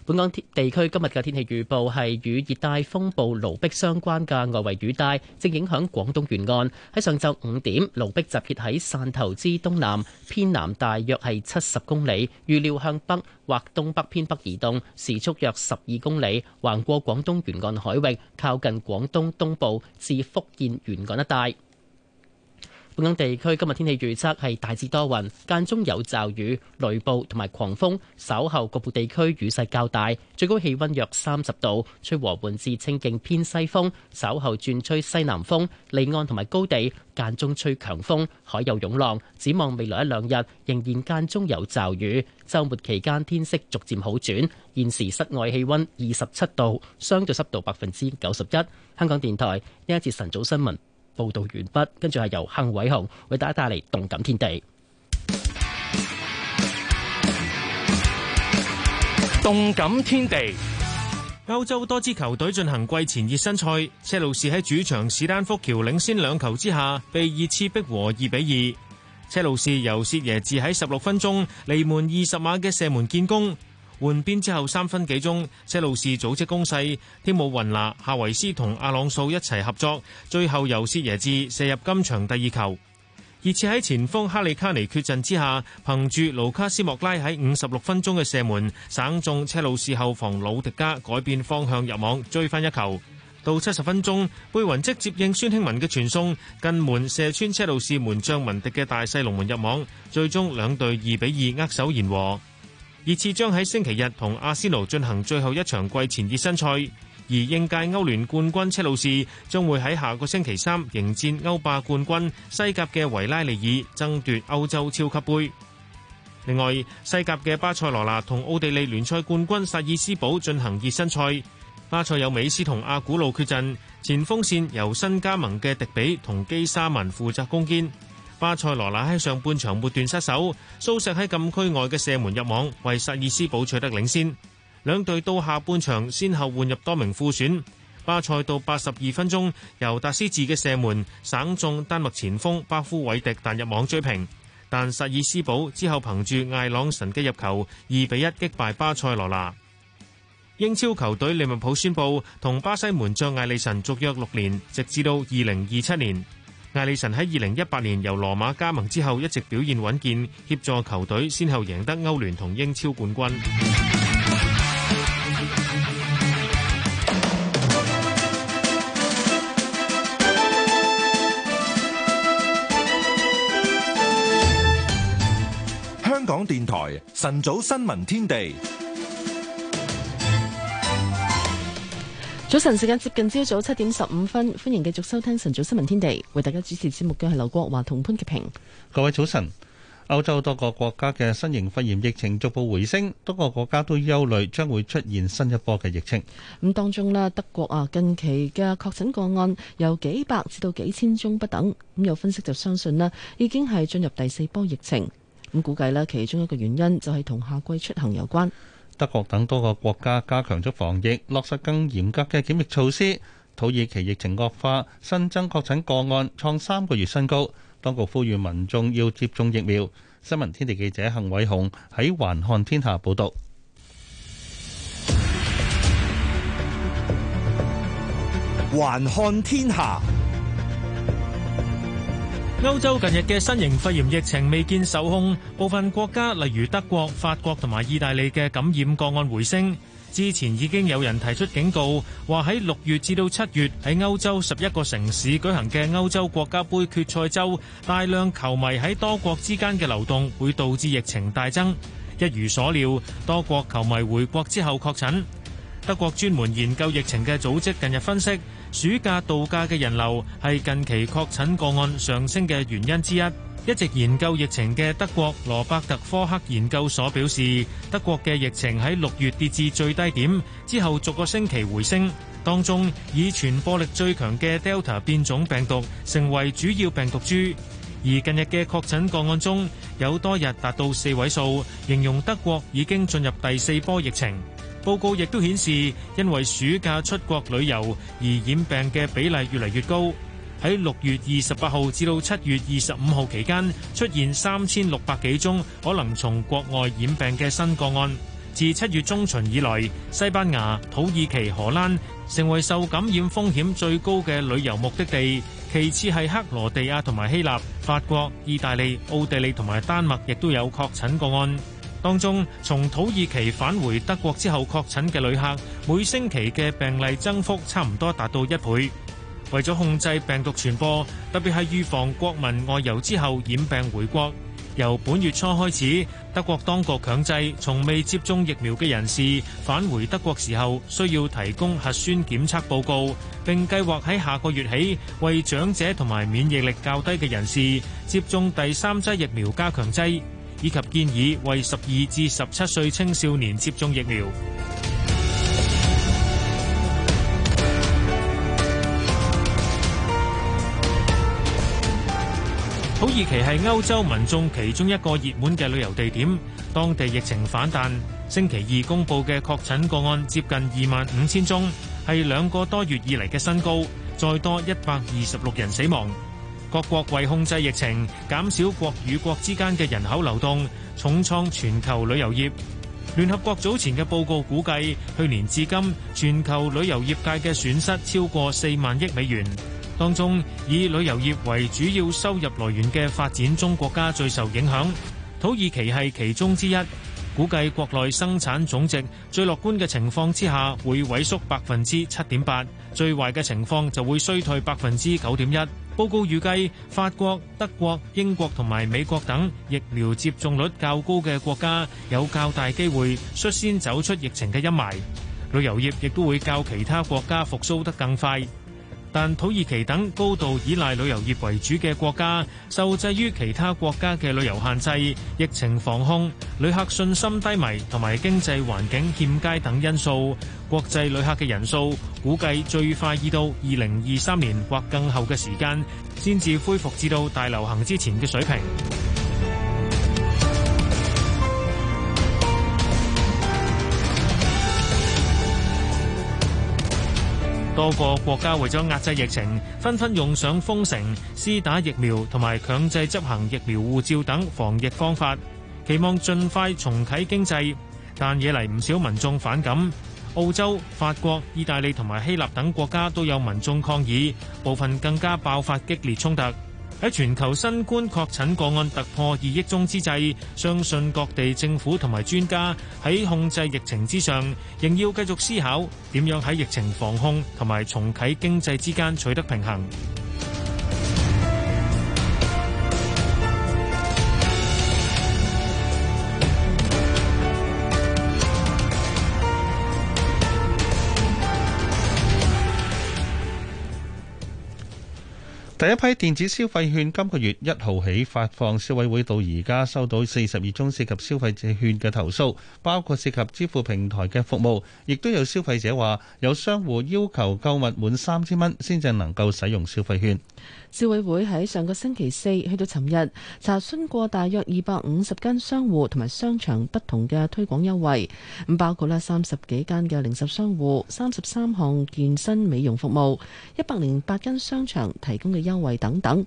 本港地區今日嘅天氣預報係與熱帶風暴盧碧相關嘅外圍雨帶正影響廣東沿岸。喺上晝五點，盧碧集結喺汕頭之東南偏南，大約係七十公里，預料向北或東北偏北移動，時速約十二公里，橫過廣東沿岸海域，靠近廣東東部至福建沿岸一帶。本港地區今日天氣預測係大致多雲，間中有驟雨、雷暴同埋狂風。稍後局部地區雨勢較大，最高氣溫約三十度，吹和緩至清勁偏西風。稍後轉吹西南風，離岸同埋高地間中吹強風，海有湧浪。展望未來一兩日仍然間中有驟雨，週末期間天色逐漸好轉。現時室外氣温二十七度，相對濕度百分之九十一。香港電台呢一節晨早新聞。報道完畢，跟住係由幸偉雄為大家帶嚟動感天地。動感天地，歐洲多支球隊進行季前熱身賽，車路士喺主場史丹福橋領先兩球之下，被熱刺逼和二比二。車路士由薛耶治喺十六分鐘離門二十碼嘅射門建功。換邊之後三分幾鐘，車路士組織攻勢，添姆雲拿夏維斯同阿朗素一齊合作，最後由薛耶治射入今場第二球。熱刺喺前鋒哈利卡尼缺陣之下，憑住盧卡斯莫拉喺五十六分鐘嘅射門省中，車路士後防魯迪加改變方向入網追翻一球。到七十分鐘，貝雲即接應孫興文嘅傳送，近門射穿車路士門將文迪嘅大細龍門入網。最終兩隊二比二握手言和。熱刺將喺星期日同阿仙奴進行最後一場季前熱身賽，而應屆歐聯冠軍車路士將會喺下個星期三迎戰歐霸冠軍西甲嘅維拉利爾，爭奪歐洲超級杯。另外，西甲嘅巴塞羅那同奧地利聯賽冠軍薩爾斯堡進行熱身賽，巴塞有美斯同阿古路缺陣，前鋒線由新加盟嘅迪比同基沙文負責攻堅。巴塞羅那喺上半場末段失守，蘇石喺禁區外嘅射門入網，為薩爾斯堡取得領先。兩隊到下半場先後換入多名副選，巴塞到八十二分鐘由達斯治嘅射門省中丹麥前鋒巴夫韋迪，但入網追平。但薩爾斯堡之後憑住艾朗神嘅入球，二比一擊敗巴塞羅那。英超球隊利物浦宣布同巴西門將艾利臣續約六年，直至到二零二七年。艾利臣喺二零一八年由羅馬加盟之後，一直表現穩健，協助球隊先後贏得歐聯同英超冠軍。香港電台晨早新聞天地。早晨，時間接近朝早七點十五分，歡迎繼續收聽晨早新聞天地。為大家主持節目嘅係劉國華同潘潔平。各位早晨，歐洲多個國家嘅新型肺炎疫情逐步回升，多個國家都憂慮將會出現新一波嘅疫情。咁當中呢，德國啊，近期嘅確診個案由幾百至到幾千宗不等。咁、嗯、有分析就相信呢，已經係進入第四波疫情。咁、嗯、估計呢，其中一個原因就係同夏季出行有關。德國等多個國家加強咗防疫，落實更嚴格嘅檢疫措施。土耳其疫情惡化，新增確診個案創三個月新高，當局呼籲民眾要接種疫苗。新聞天地記者幸偉雄喺環看天下報道。環看天下。報導歐洲近日嘅新型肺炎疫情未見受控，部分國家例如德國、法國同埋意大利嘅感染個案回升。之前已經有人提出警告，話喺六月至到七月喺歐洲十一個城市舉行嘅歐洲國家盃決賽周，大量球迷喺多國之間嘅流動會導致疫情大增。一如所料，多國球迷回國之後確診。德國專門研究疫情嘅組織近日分析。暑假度假嘅人流係近期確診個案上升嘅原因之一。一直研究疫情嘅德國羅伯特科克研究所表示，德國嘅疫情喺六月跌至最低點之後逐個星期回升，當中以傳播力最強嘅 Delta 變種病毒成為主要病毒株。而近日嘅確診個案中有多日達到四位數，形容德國已經進入第四波疫情。報告亦都顯示，因為暑假出國旅遊而染病嘅比例越嚟越高。喺六月二十八號至到七月二十五號期間，出現三千六百幾宗可能從國外染病嘅新個案。自七月中旬以來，西班牙、土耳其、荷蘭成為受感染風險最高嘅旅遊目的地，其次係克羅地亞同埋希臘、法國、意大利、奧地利同埋丹麥，亦都有確診個案。當中從土耳其返回德國之後確診嘅旅客，每星期嘅病例增幅差唔多達到一倍。為咗控制病毒傳播，特別係預防國民外遊之後染病回國，由本月初開始，德國當局強制從未接種疫苗嘅人士返回德國時候需要提供核酸檢測報告，並計劃喺下個月起為長者同埋免疫力較低嘅人士接種第三劑疫苗加強劑。以及建議為十二至十七歲青少年接種疫苗。土耳其係歐洲民眾其中一個熱門嘅旅遊地點，當地疫情反彈，星期二公布嘅確診個案接近二萬五千宗，係兩個多月以嚟嘅新高，再多一百二十六人死亡。各國為控制疫情，減少國與國之間嘅人口流動，重創全球旅遊業。聯合國早前嘅報告估計，去年至今，全球旅遊業界嘅損失超過四萬億美元。當中以旅遊業為主要收入來源嘅發展中國家最受影響，土耳其係其中之一。估計國內生產總值最樂觀嘅情況之下會萎縮百分之七點八，最壞嘅情況就會衰退百分之九點一。報告預計，法國、德國、英國同埋美國等疫苗接種率較高嘅國家，有較大機會率先走出疫情嘅陰霾，旅遊業亦都會較其他國家復甦得更快。但土耳其等高度依賴旅遊業為主嘅國家，受制於其他國家嘅旅遊限制、疫情防控、旅客信心低迷同埋經濟環境欠佳等因素，國際旅客嘅人數估計最快已到二零二三年或更後嘅時間，先至恢復至到大流行之前嘅水平。多個國家為咗壓制疫情，紛紛用上封城、施打疫苗同埋強制執行疫苗護照等防疫方法，期望盡快重啟經濟，但惹嚟唔少民眾反感。澳洲、法國、意大利同埋希臘等國家都有民眾抗議，部分更加爆發激烈衝突。喺全球新冠確診個案突破二億宗之際，相信各地政府同埋專家喺控制疫情之上，仍要繼續思考點樣喺疫情防控同埋重啟經濟之間取得平衡。第一批電子消費券今個月一號起發放，消委會到而家收到四十二宗涉及消費者券嘅投訴，包括涉及支付平台嘅服務，亦都有消費者話有商戶要求購物滿三千蚊先至能夠使用消費券。消委會喺上個星期四去到尋日查詢過大約二百五十間商戶同埋商場不同嘅推廣優惠，咁包括咧三十幾間嘅零售商戶、三十三項健身美容服務、一百零八間商場提供嘅優惠等等。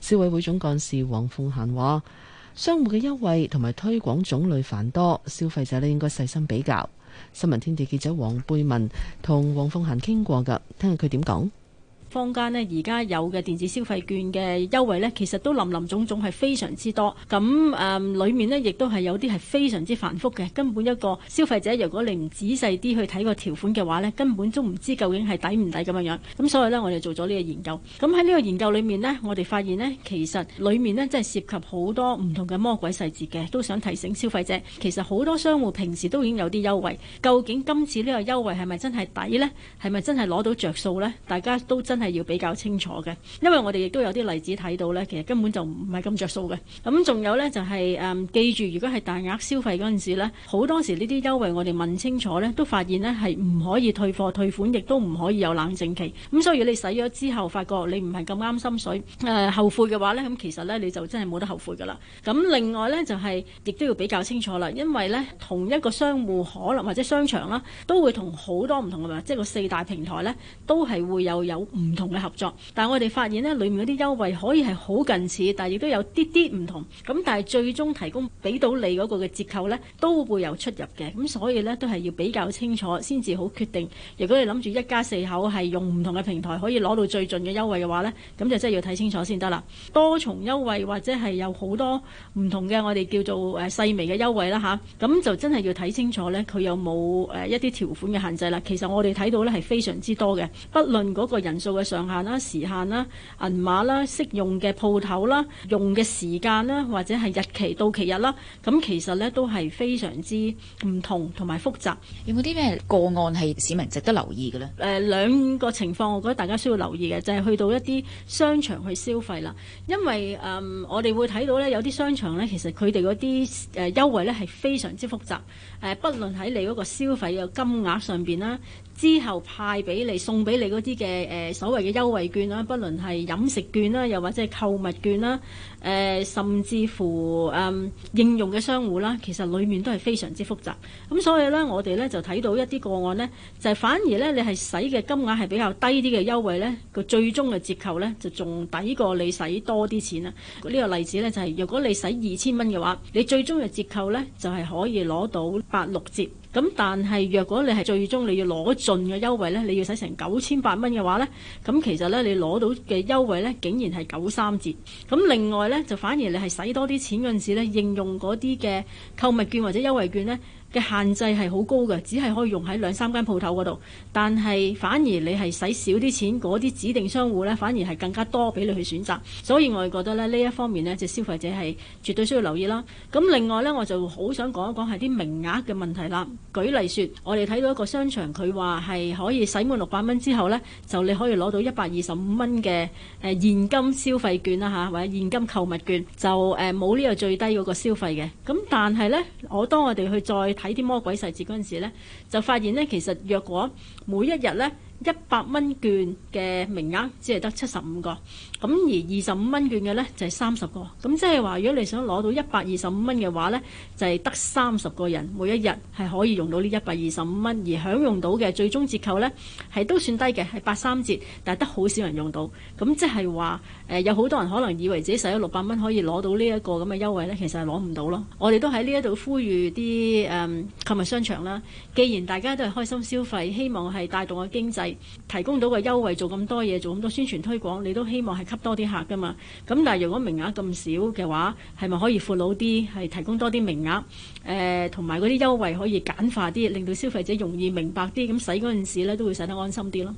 消委會總幹事黃鳳嫻話：商戶嘅優惠同埋推廣種類繁多，消費者咧應該細心比較。新聞天地記者黃貝文同黃鳳嫻傾過噶，聽下佢點講。坊間呢，而家有嘅電子消費券嘅優惠呢，其實都林林總總係非常之多。咁、嗯、誒，裡面呢，亦都係有啲係非常之繁複嘅，根本一個消費者，如果你唔仔細啲去睇個條款嘅話呢，根本都唔知究竟係抵唔抵咁樣樣。咁所以呢，我哋做咗呢個研究。咁喺呢個研究裏面呢，我哋發現呢，其實裡面呢，真係涉及好多唔同嘅魔鬼細節嘅，都想提醒消費者，其實好多商戶平時都已經有啲優惠，究竟今次呢個優惠係咪真係抵呢？係咪真係攞到着數呢？大家都真，係要比較清楚嘅，因為我哋亦都有啲例子睇到呢。其實根本就唔係咁着數嘅。咁仲有呢、就是，就係誒，記住如果係大額消費嗰陣時咧，好多時呢啲優惠我哋問清楚呢，都發現呢係唔可以退貨退款，亦都唔可以有冷靜期。咁所以你使咗之後發覺你唔係咁啱心水誒、呃，後悔嘅話呢，咁其實呢，你就真係冇得後悔噶啦。咁另外呢、就是，就係亦都要比較清楚啦，因為呢，同一個商戶可能或者商場啦，都會同好多唔同嘅即係個四大平台呢，都係會又有唔。有唔同嘅合作，但係我哋發現咧，裏面嗰啲優惠可以係好近似，但係亦都有啲啲唔同。咁但係最終提供俾到你嗰個嘅折扣咧，都會有出入嘅。咁所以咧，都係要比較清楚先至好決定。如果你諗住一家四口係用唔同嘅平台可以攞到最盡嘅優惠嘅話咧，咁就真係要睇清楚先得啦。多重優惠或者係有好多唔同嘅我哋叫做誒細微嘅優惠啦吓，咁、啊、就真係要睇清楚咧，佢有冇誒一啲條款嘅限制啦。其實我哋睇到咧係非常之多嘅，不論嗰個人數。上限啦、時限啦、銀碼啦、適用嘅鋪頭啦、用嘅時間啦，或者係日期到期日啦，咁其實呢都係非常之唔同同埋複雜。有冇啲咩個案係市民值得留意嘅呢？誒，兩個情況，我覺得大家需要留意嘅就係、是、去到一啲商場去消費啦，因為誒、嗯，我哋會睇到呢，有啲商場呢，其實佢哋嗰啲誒優惠呢係非常之複雜，不論喺你嗰個消費嘅金額上邊啦。之後派俾你送俾你嗰啲嘅誒所謂嘅優惠券啦，不論係飲食券啦，又或者係購物券啦，誒、呃、甚至乎誒、呃、應用嘅商戶啦，其實裡面都係非常之複雜。咁所以呢，我哋呢就睇到一啲個案呢，就係、是、反而呢，你係使嘅金額係比較低啲嘅優惠呢，個最終嘅折扣呢，就仲抵過你使多啲錢啦。呢、這個例子呢，就係、是，如果你使二千蚊嘅話，你最終嘅折扣呢，就係、是、可以攞到八六折。咁但係若果你係最終你要攞盡嘅優惠呢，你要使成九千八蚊嘅話呢，咁其實呢，你攞到嘅優惠呢，竟然係九三折。咁另外呢，就反而你係使多啲錢嗰陣時呢，應用嗰啲嘅購物券或者優惠券呢，嘅限制係好高嘅，只係可以用喺兩三間鋪頭嗰度。但係反而你係使少啲錢，嗰啲指定商戶咧，反而係更加多俾你去選擇，所以我覺得咧，呢一方面咧，即係消費者係絕對需要留意啦。咁另外咧，我就好想講一講，係啲名額嘅問題啦。舉例說我哋睇到一個商場，佢話係可以使滿六百蚊之後咧，就你可以攞到一百二十五蚊嘅誒現金消費券啦、啊、吓，或者現金購物券，就誒冇呢個最低嗰個消費嘅。咁但係咧，我當我哋去再睇啲魔鬼細節嗰陣時咧，就發現咧，其實若果，每一日呢，一百蚊券嘅名額只係得七十五個，咁而二十五蚊券嘅呢，就係三十個，咁即係話如果你想攞到一百二十五蚊嘅話呢，就係得三十個人每一日係可以用到呢一百二十五蚊，而享用到嘅最終折扣呢，係都算低嘅，係八三折，但係得好少人用到。咁即係話誒，有好多人可能以為自己使咗六百蚊可以攞到呢一個咁嘅優惠呢，其實係攞唔到咯。我哋都喺呢一度呼籲啲誒購物商場啦，既然大家都係開心消費，希望係係帶動個經濟，提供到個優惠做咁多嘢，做咁多宣傳推廣，你都希望係吸多啲客噶嘛？咁但係如果名額咁少嘅話，係咪可以闊佬啲，係提供多啲名額？誒，同埋嗰啲優惠可以簡化啲，令到消費者容易明白啲，咁使嗰陣時呢，都會使得安心啲咯。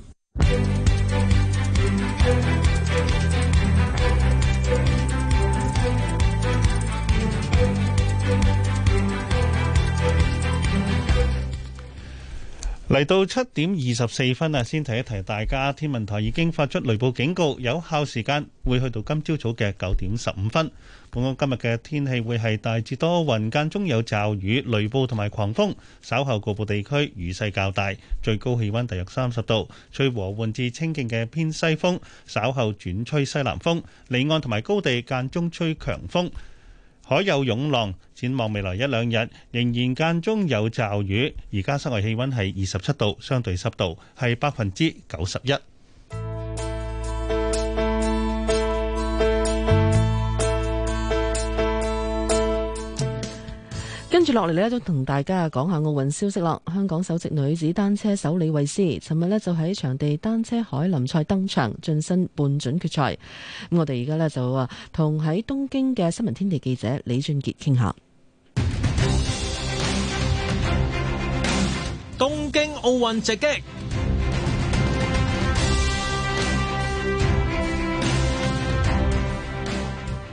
嚟到七點二十四分啊，先提一提大家，天文台已經發出雷暴警告，有效時間會去到今朝早嘅九點十五分。本港今日嘅天氣會係大致多雲，間中有驟雨、雷暴同埋狂風。稍後局部地區雨勢較大，最高氣溫大約三十度，吹和緩至清勁嘅偏西風，稍後轉吹西南風，離岸同埋高地間中吹強風。海有湧浪，展望未來一兩日仍然間中有驟雨。而家室外氣溫係二十七度，相對濕度係百分之九十一。跟住落嚟呢，都同大家講下奧運消息啦。香港首席女子單車手李慧詩，尋日呢，就喺場地單車海林賽登場，晉身半準決賽。咁我哋而家呢，就啊，同喺東京嘅新聞天地記者李俊杰傾下。東京奧運直擊。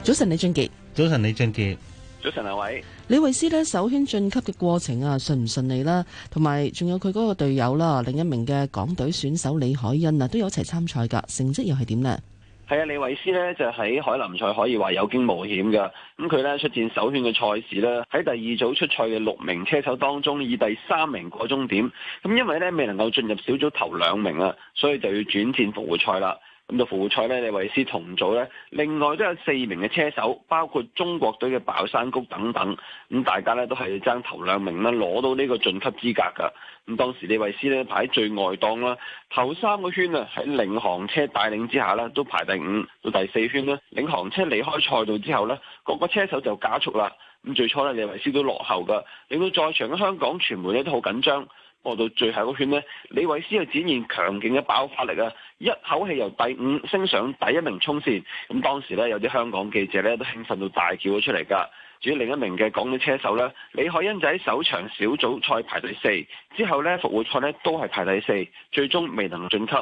早晨，李俊杰。早晨，李俊杰。早晨兩位，李慧詩呢首圈晉級嘅過程啊順唔順利啦？同埋仲有佢嗰個隊友啦，另一名嘅港隊選手李海恩啊，都有一齊參賽噶，成績又係點咧？係啊，李慧詩呢就喺凱林賽可以話有驚無險噶，咁佢呢出戰首圈嘅賽事啦，喺第二組出賽嘅六名車手當中以第三名過終點，咁因為咧未能夠進入小組頭兩名啊，所以就要轉戰復活賽啦。咁到復賽咧，李維斯同組咧，另外都有四名嘅車手，包括中國隊嘅爆山谷等等。咁大家咧都係爭頭兩名啦，攞到呢個晉級資格㗎。咁當時李維斯咧排喺最外檔啦，頭三個圈啊喺領航車帶領之下咧，都排第五到第四圈咧。領航車離開賽道之後咧，各、嗰個車手就加速啦。咁最初咧，李維斯都落後㗎，令到在場嘅香港傳媒咧都好緊張。過到最後個圈呢，李慧詩就展現強勁嘅爆發力啊！一口氣由第五升上第一名衝線，咁當時呢，有啲香港記者呢都興奮到大叫咗出嚟㗎。至於另一名嘅港女車手呢，李海欣就喺首場小組賽排第四，之後呢，復活賽呢都係排第四，最終未能進級。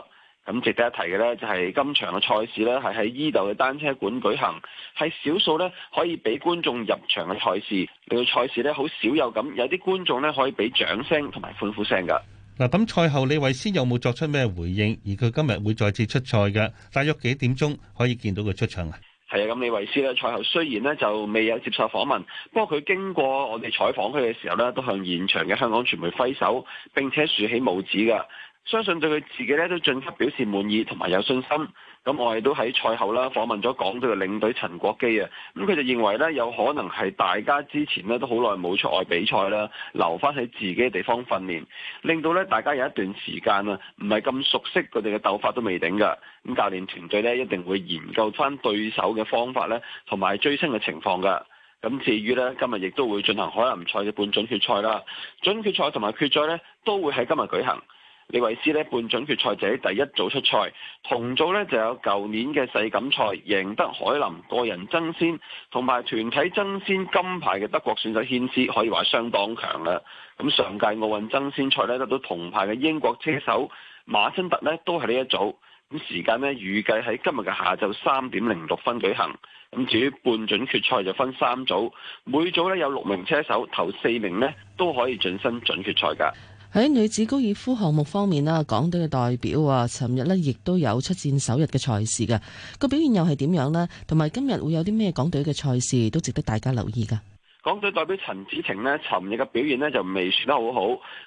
咁值得一提嘅呢，就係今場嘅賽事呢，係喺伊豆嘅單車館舉行，係少數呢，可以俾觀眾入場嘅賽事。令到賽事呢，好少有咁，有啲觀眾呢，可以俾掌聲同埋歡呼聲噶。嗱，咁賽後李慧詩有冇作出咩回應？而佢今日會再次出賽嘅，大約幾點鐘可以見到佢出場啊？係啊，咁李慧詩呢，賽後雖然呢，就未有接受訪問，不過佢經過我哋採訪佢嘅時候呢，都向現場嘅香港傳媒揮手，並且豎起拇指噶。相信對佢自己咧都晉級表示滿意同埋有信心。咁我哋都喺賽後啦訪問咗港隊嘅領隊陳國基啊。咁佢就認為咧有可能係大家之前咧都好耐冇出外比賽啦，留翻喺自己嘅地方訓練，令到咧大家有一段時間啊唔係咁熟悉佢哋嘅鬥法都未定嘅。咁教練團隊咧一定會研究翻對手嘅方法咧，同埋追星嘅情況嘅。咁至於咧今日亦都會進行海南賽嘅半準決賽啦，準決賽同埋決賽咧都會喺今日舉行。李維斯咧半準決賽者第一組出賽，同組咧就有舊年嘅世錦賽贏得海林個人爭先同埋團體爭先金牌嘅德國選手軒斯，可以話相當強啦。咁上屆奧運爭先賽咧得到銅牌嘅英國車手馬辛特咧都係呢一組。咁時間咧預計喺今日嘅下晝三點零六分舉行。咁至於半準決賽就分三組，每組咧有六名車手，頭四名咧都可以晉身準決賽㗎。喺女子高爾夫項目方面啦，港隊嘅代表啊，尋日咧亦都有出戰首日嘅賽事嘅，個表現又係點樣呢？同埋今日會有啲咩港隊嘅賽事都值得大家留意噶。港隊代表陳子晴咧，尋日嘅表現咧就未算得好好。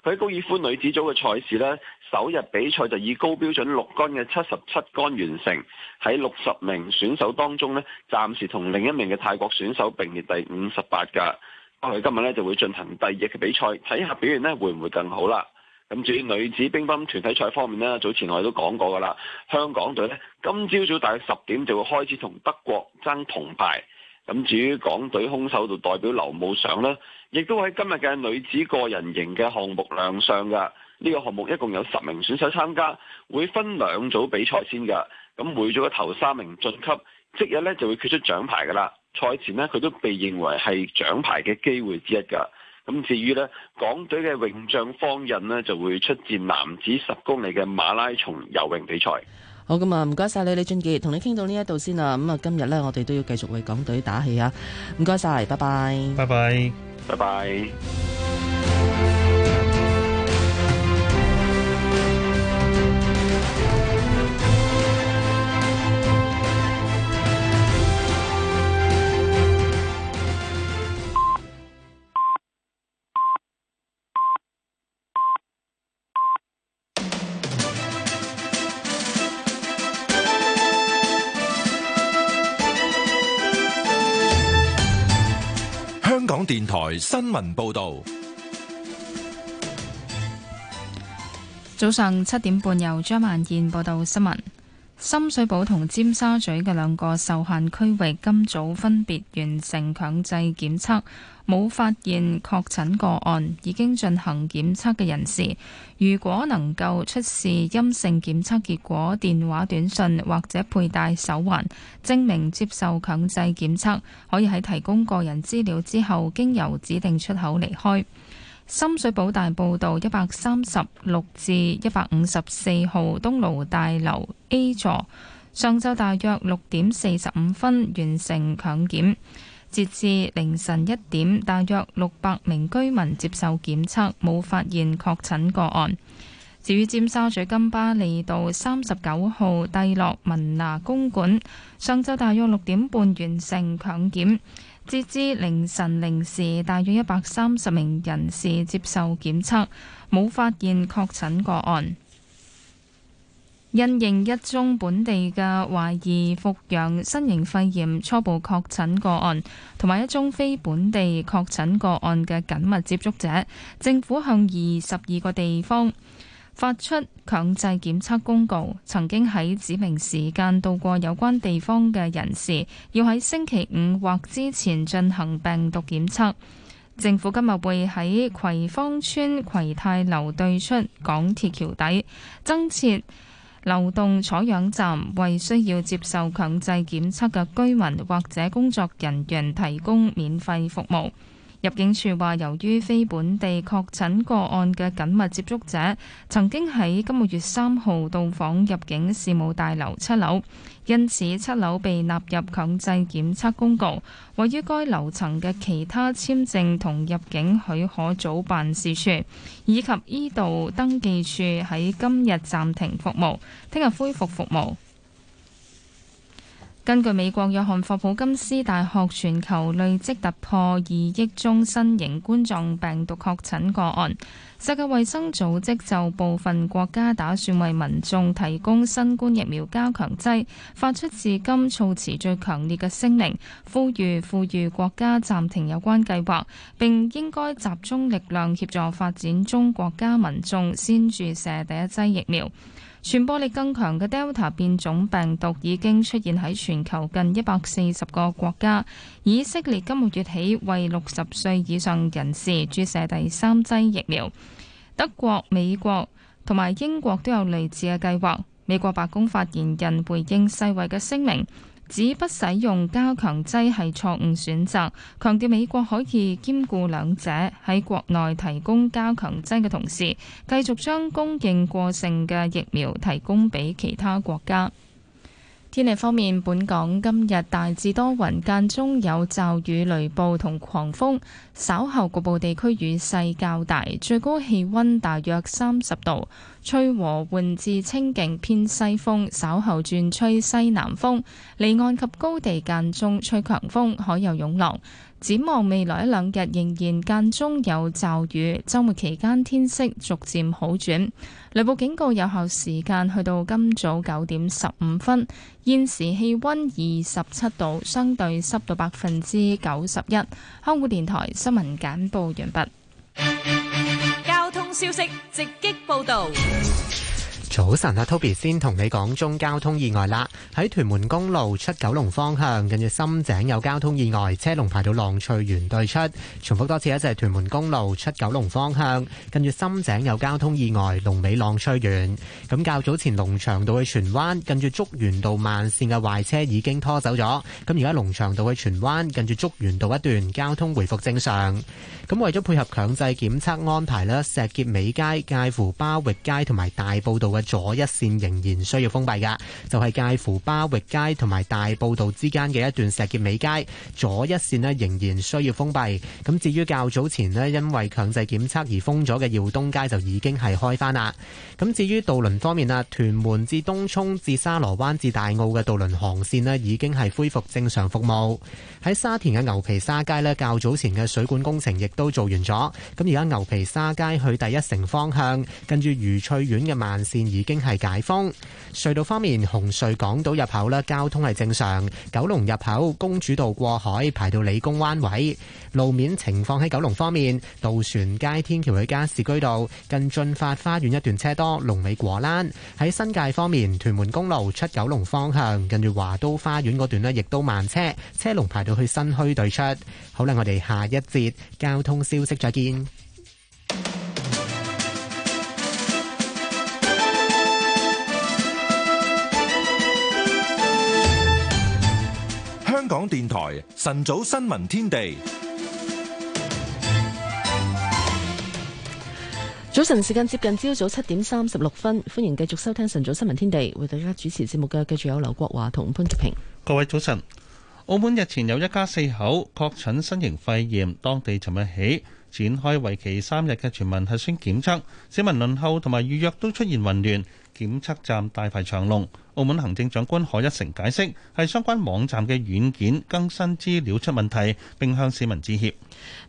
佢喺高爾夫女子組嘅賽事咧，首日比賽就以高標準六桿嘅七十七桿完成，喺六十名選手當中咧，暫時同另一名嘅泰國選手並列第五十八噶。我哋今日咧就會進行第二日嘅比賽，睇下表現咧會唔會更好啦？咁至於女子乒乓團體賽方面咧，早前我哋都講過噶啦，香港隊咧今朝早，早大概十點就會開始同德國爭銅牌。咁至於港隊空手道代表劉武上咧，亦都喺今日嘅女子個人型嘅項目亮相㗎。呢個項目一共有十名選手參加，會分兩組比賽先㗎。咁每組嘅頭三名晉級，即日咧就會決出獎牌㗎啦。賽前咧，佢都被認為係獎牌嘅機會之一噶。咁至於咧，港隊嘅泳將方印咧，就會出戰男子十公里嘅馬拉松游泳比賽。好咁啊，唔該晒你李俊傑，同你傾到呢一度先啦。咁啊，今日呢，我哋都要繼續為港隊打氣啊！唔該晒，拜拜，拜拜，拜拜。電台新聞報道。早上七點半，由張曼燕報道新聞。深水埗同尖沙咀嘅兩個受限區域，今早分別完成強制檢測，冇發現確診個案。已經進行檢測嘅人士，如果能夠出示陰性檢測結果、電話短訊、或者佩戴手環證明接受強制檢測，可以喺提供個人資料之後，經由指定出口離開。深水埗大埔道一百三十六至一百五十四號東盧大樓 A 座，上晝大約六點四十五分完成強檢，截至凌晨一點，大約六百名居民接受檢測，冇發現確診個案。至於尖沙咀金巴利道三十九號帝樂文娜公館，上晝大約六點半完成強檢。截至凌晨零時，大約一百三十名人士接受檢測，冇發現確診個案。因應一宗本地嘅懷疑復陽新型肺炎初步確診個案，同埋一宗非本地確診個案嘅緊密接觸者，政府向二十二個地方。發出強制檢測公告，曾經喺指明時間到過有關地方嘅人士，要喺星期五或之前進行病毒檢測。政府今日會喺葵芳村、葵泰樓對出港鐵橋底增設流動採樣站，為需要接受強制檢測嘅居民或者工作人員提供免費服務。入境處話，由於非本地確診個案嘅緊密接觸者曾經喺今個月三號到訪入境事務大樓七樓，因此七樓被納入強制檢測公告。位於該樓層嘅其他簽證同入境許可組辦事處以及呢度登記處喺今日暫停服務，聽日恢復服務。根據美國約翰霍普金斯大學全球累積突破二億宗新型冠狀病毒確診個案，世界衛生組織就部分國家打算為民眾提供新冠疫苗加強劑，發出至今措辭最強烈嘅聲明，呼籲富裕國家暫停有關計劃，並應該集中力量協助發展中國家民眾先注射第一劑疫苗。傳播力更強嘅 Delta 變種病毒已經出現喺全球近一百四十個國家。以色列今個月起為六十歲以上人士注射第三劑疫苗，德國、美國同埋英國都有類似嘅計劃。美國白宮發言人回應世衛嘅聲明。指，不使用加強劑係錯誤選擇，強調美國可以兼顧兩者，喺國內提供加強劑嘅同時，繼續將供應過剩嘅疫苗提供俾其他國家。天氣方面，本港今日大致多雲，間中有驟雨、雷暴同狂風，稍後局部地區雨勢較大，最高氣溫大約三十度，吹和緩至清勁偏西風，稍後轉吹西南風，離岸及高地間中吹強風，海有湧浪。展望未來一兩日，仍然間中有驟雨。週末期間天色逐漸好轉。雷暴警告有效時間去到今早九點十五分。現時氣温二十七度，相對濕度百分之九十一。香港電台新聞簡報完畢。交通消息直擊報導。早晨，阿 Toby 先同你講中交通意外啦。喺屯門公路出九龍方向，近住深井有交通意外，車龍排到浪翠園對出。重複多次，一就係屯門公路出九龍方向，近住深井有交通意外，龍尾浪翠園。咁較早前龍翔道去荃灣，近住竹園道慢線嘅壞車已經拖走咗。咁而家龍翔道去荃灣，近住竹園道一段交通回復正常。咁為咗配合強制檢測安排呢，石硤尾街介乎巴域街同埋大埔道嘅左一線仍然需要封閉㗎，就係介乎巴域街同埋大埔道之間嘅一段石硤尾街左一線呢，仍然需要封閉。咁至於較早前呢，因為強制檢測而封咗嘅耀東街就已經係開返啦。咁至於渡輪方面啊，屯門至東涌至沙螺灣至大澳嘅渡輪航線呢，已經係恢復正常服務。喺沙田嘅牛皮沙街呢，較早前嘅水管工程亦都都做完咗，咁而家牛皮沙街去第一城方向，跟住愉翠苑嘅慢線已經係解封。隧道方面，紅隧港島入口咧，交通係正常；九龍入口公主道過海排到理工灣位。路面情況，喺九龍方面，渡船街天橋去加士居道近駿發花園一段車多，龍尾果欄；喺新界方面，屯門公路出九龍方向，近住華都花園嗰段呢亦都慢車，車龍排到去新墟對出。好啦，我哋下一節交通消息再見。香港電台晨早新聞天地。早晨，時間接近朝早七點三十六分，歡迎繼續收聽晨早新聞天地，為大家主持節目嘅繼續有劉國華同潘潔平。各位早晨，澳門日前有一家四口確診新型肺炎，當地尋日起展開為期三日嘅全民核酸檢測，市民輪候同埋預約都出現混亂。檢測站大排長龍，澳門行政長官何一成解釋係相關網站嘅軟件更新資料出問題，並向市民致歉。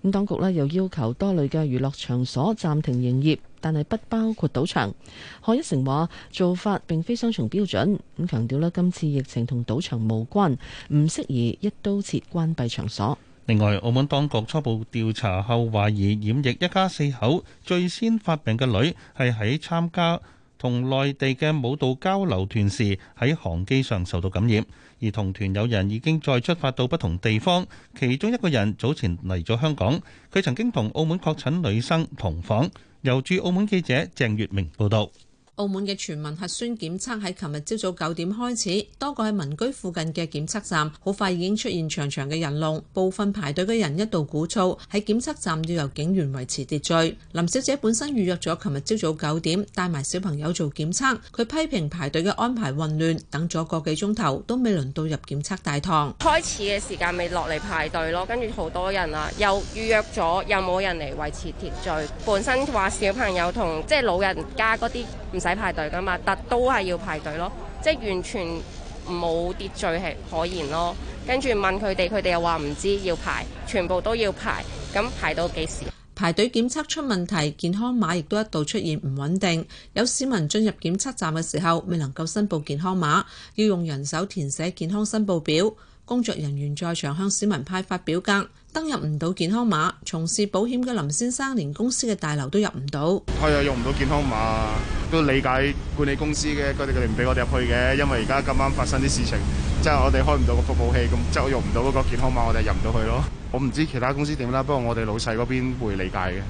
咁當局咧又要求多類嘅娛樂場所暫停營業，但係不包括賭場。何一成話做法並非雙重標準，咁強調咧今次疫情同賭場無關，唔適宜一刀切關閉場所。另外，澳門當局初步調查後懷疑染疫一家四口最先發病嘅女係喺參加同內地嘅舞蹈交流團時，喺航機上受到感染，而同團友人已經再出發到不同地方，其中一個人早前嚟咗香港，佢曾經同澳門確診女生同房。由駐澳門記者鄭月明報導。澳門嘅全民核酸檢測喺琴日朝早九點開始，多個喺民居附近嘅檢測站，好快已經出現長長嘅人龍。部分排隊嘅人一度鼓噪，喺檢測站要由警員維持秩序。林小姐本身預約咗琴日朝早九點帶埋小朋友做檢測，佢批評排隊嘅安排混亂，等咗個幾鐘頭都未輪到入檢測大堂。開始嘅時間未落嚟，排隊咯，跟住好多人啊，又預約咗又冇人嚟維持秩序。本身話小朋友同即係老人家嗰啲唔使排隊噶嘛，但都係要排隊咯，即係完全冇秩序係可言咯。跟住問佢哋，佢哋又話唔知要排，全部都要排，咁排到幾時？排隊檢測出問題，健康碼亦都一度出現唔穩定，有市民進入檢測站嘅時候未能夠申報健康碼，要用人手填寫健康申報表。工作人員在場向市民派發表格，登入唔到健康碼。從事保險嘅林先生連公司嘅大樓都入唔到，係啊，用唔到健康碼都理解管理公司嘅，佢哋佢哋唔俾我哋入去嘅，因為而家咁啱發生啲事情，即係我哋開唔到個服務器，咁即係我用唔到嗰個健康碼，我哋入唔到去咯。我唔知其他公司點啦，不過我哋老細嗰邊會理解嘅，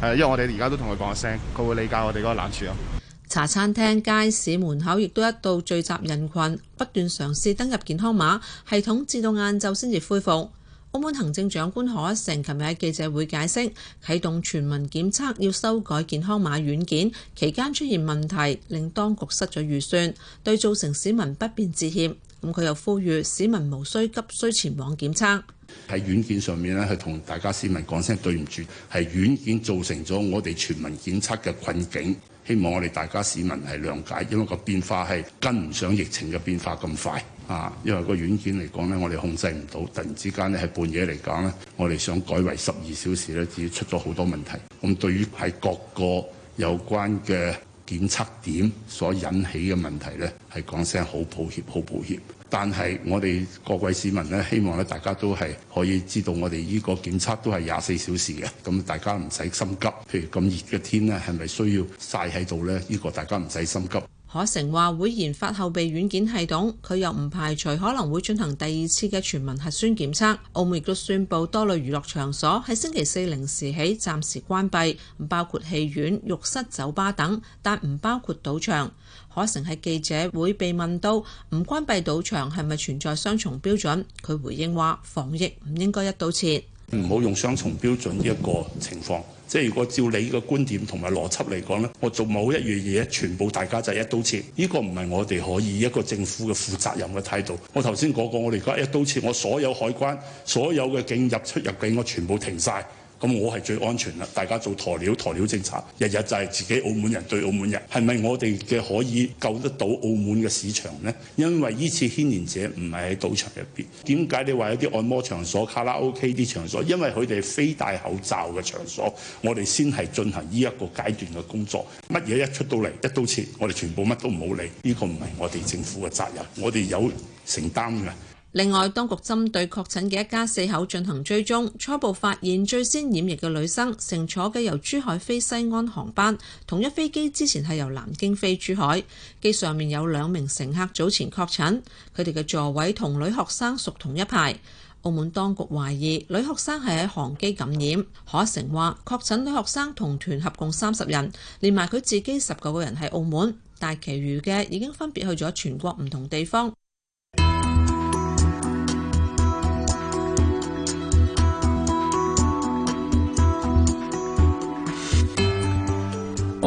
係因為我哋而家都同佢講聲，佢會理解我哋嗰個難處咯。茶餐廳、街市門口亦都一度聚集人群，不斷嘗試登入健康碼系統，至到晏晝先至恢復。澳門行政長官賀一誠琴日喺記者會解釋，啟動全民檢測要修改健康碼軟件，期間出現問題，令當局失咗預算，對造成市民不便致歉。咁佢又呼籲市民無需急需前往檢測。喺軟件上面咧，係同大家市民講聲對唔住，係軟件造成咗我哋全民檢測嘅困境。希望我哋大家市民係諒解，因為個變化係跟唔上疫情嘅變化咁快啊！因為個軟件嚟講咧，我哋控制唔到，突然之間咧，喺半夜嚟講咧，我哋想改為十二小時咧，至於出咗好多問題，咁對於喺各個有關嘅檢測點所引起嘅問題咧，係講聲好抱歉，好抱歉。但係，我哋各位市民咧，希望咧大家都係可以知道我哋呢個檢測都係廿四小時嘅，咁大家唔使心急。譬如咁熱嘅天咧，係咪需要晒喺度呢？呢、呢個大家唔使心急。可成話會研發後備軟件系統，佢又唔排除可能會進行第二次嘅全民核酸檢測。澳門亦都宣布多類娛樂場所喺星期四零時起暫時關閉，包括戲院、浴室、酒吧等，但唔包括賭場。可成係記者會被問到唔關閉賭場係咪存在雙重標準？佢回應話：防疫唔應該一刀切，唔好用雙重標準呢一個情況。即係如果照你呢個觀點同埋邏輯嚟講咧，我做某一樣嘢，全部大家就係一刀切，呢個唔係我哋可以一個政府嘅負責任嘅態度。我頭先講過，我哋而家一刀切，我所有海關、所有嘅警入出入境，我全部停晒，咁我係最安全啦！大家做鴕鳥鴕鳥政策，日日就係自己澳門人對澳門人，係咪我哋嘅可以救得到澳門嘅市場呢？因為呢次牽連者唔係喺賭場入邊，點解你話有啲按摩場所、卡拉 OK 啲場所？因為佢哋非戴口罩嘅場所，我哋先係進行呢一個階段嘅工作。乜嘢一出到嚟一刀切，我哋全部乜都唔好理。呢個唔係我哋政府嘅責任，我哋有承擔嘅。另外，當局針對確診嘅一家四口進行追蹤，初步發現最先染疫嘅女生乘坐嘅由珠海飛西安航班，同一飛機之前係由南京飛珠海，機上面有兩名乘客早前確診，佢哋嘅座位同女學生屬同一排。澳門當局懷疑女學生係喺航機感染。可誠話，確診女學生同團合共三十人，連埋佢自己十九個人喺澳門，但其餘嘅已經分別去咗全國唔同地方。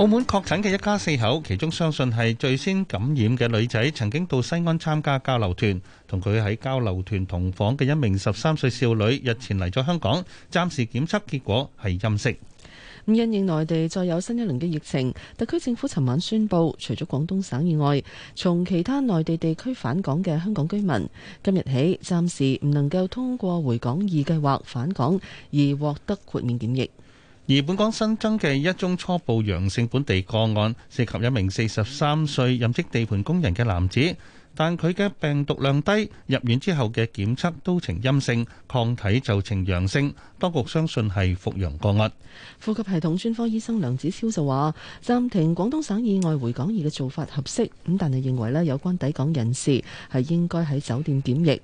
澳門確診嘅一家四口，其中相信係最先感染嘅女仔，曾經到西安參加交流團。同佢喺交流團同房嘅一名十三歲少女，日前嚟咗香港，暫時檢測結果係陰性。咁因應內地再有新一輪嘅疫情，特區政府尋晚宣佈，除咗廣東省以外，從其他內地地區返港嘅香港居民，今日起暫時唔能夠通過回港易計劃返港，而獲得豁免檢疫。而本港新增嘅一宗初步陽性本地個案，涉及一名四十三歲任職地盤工人嘅男子。但佢嘅病毒量低，入院之後嘅檢測都呈陰性，抗體就呈陽性。當局相信係復陽個案。呼吸系統專科醫生梁子超就話暫停廣東省以外回港易嘅做法合適，咁但係認為咧，有關抵港人士係應該喺酒店檢疫。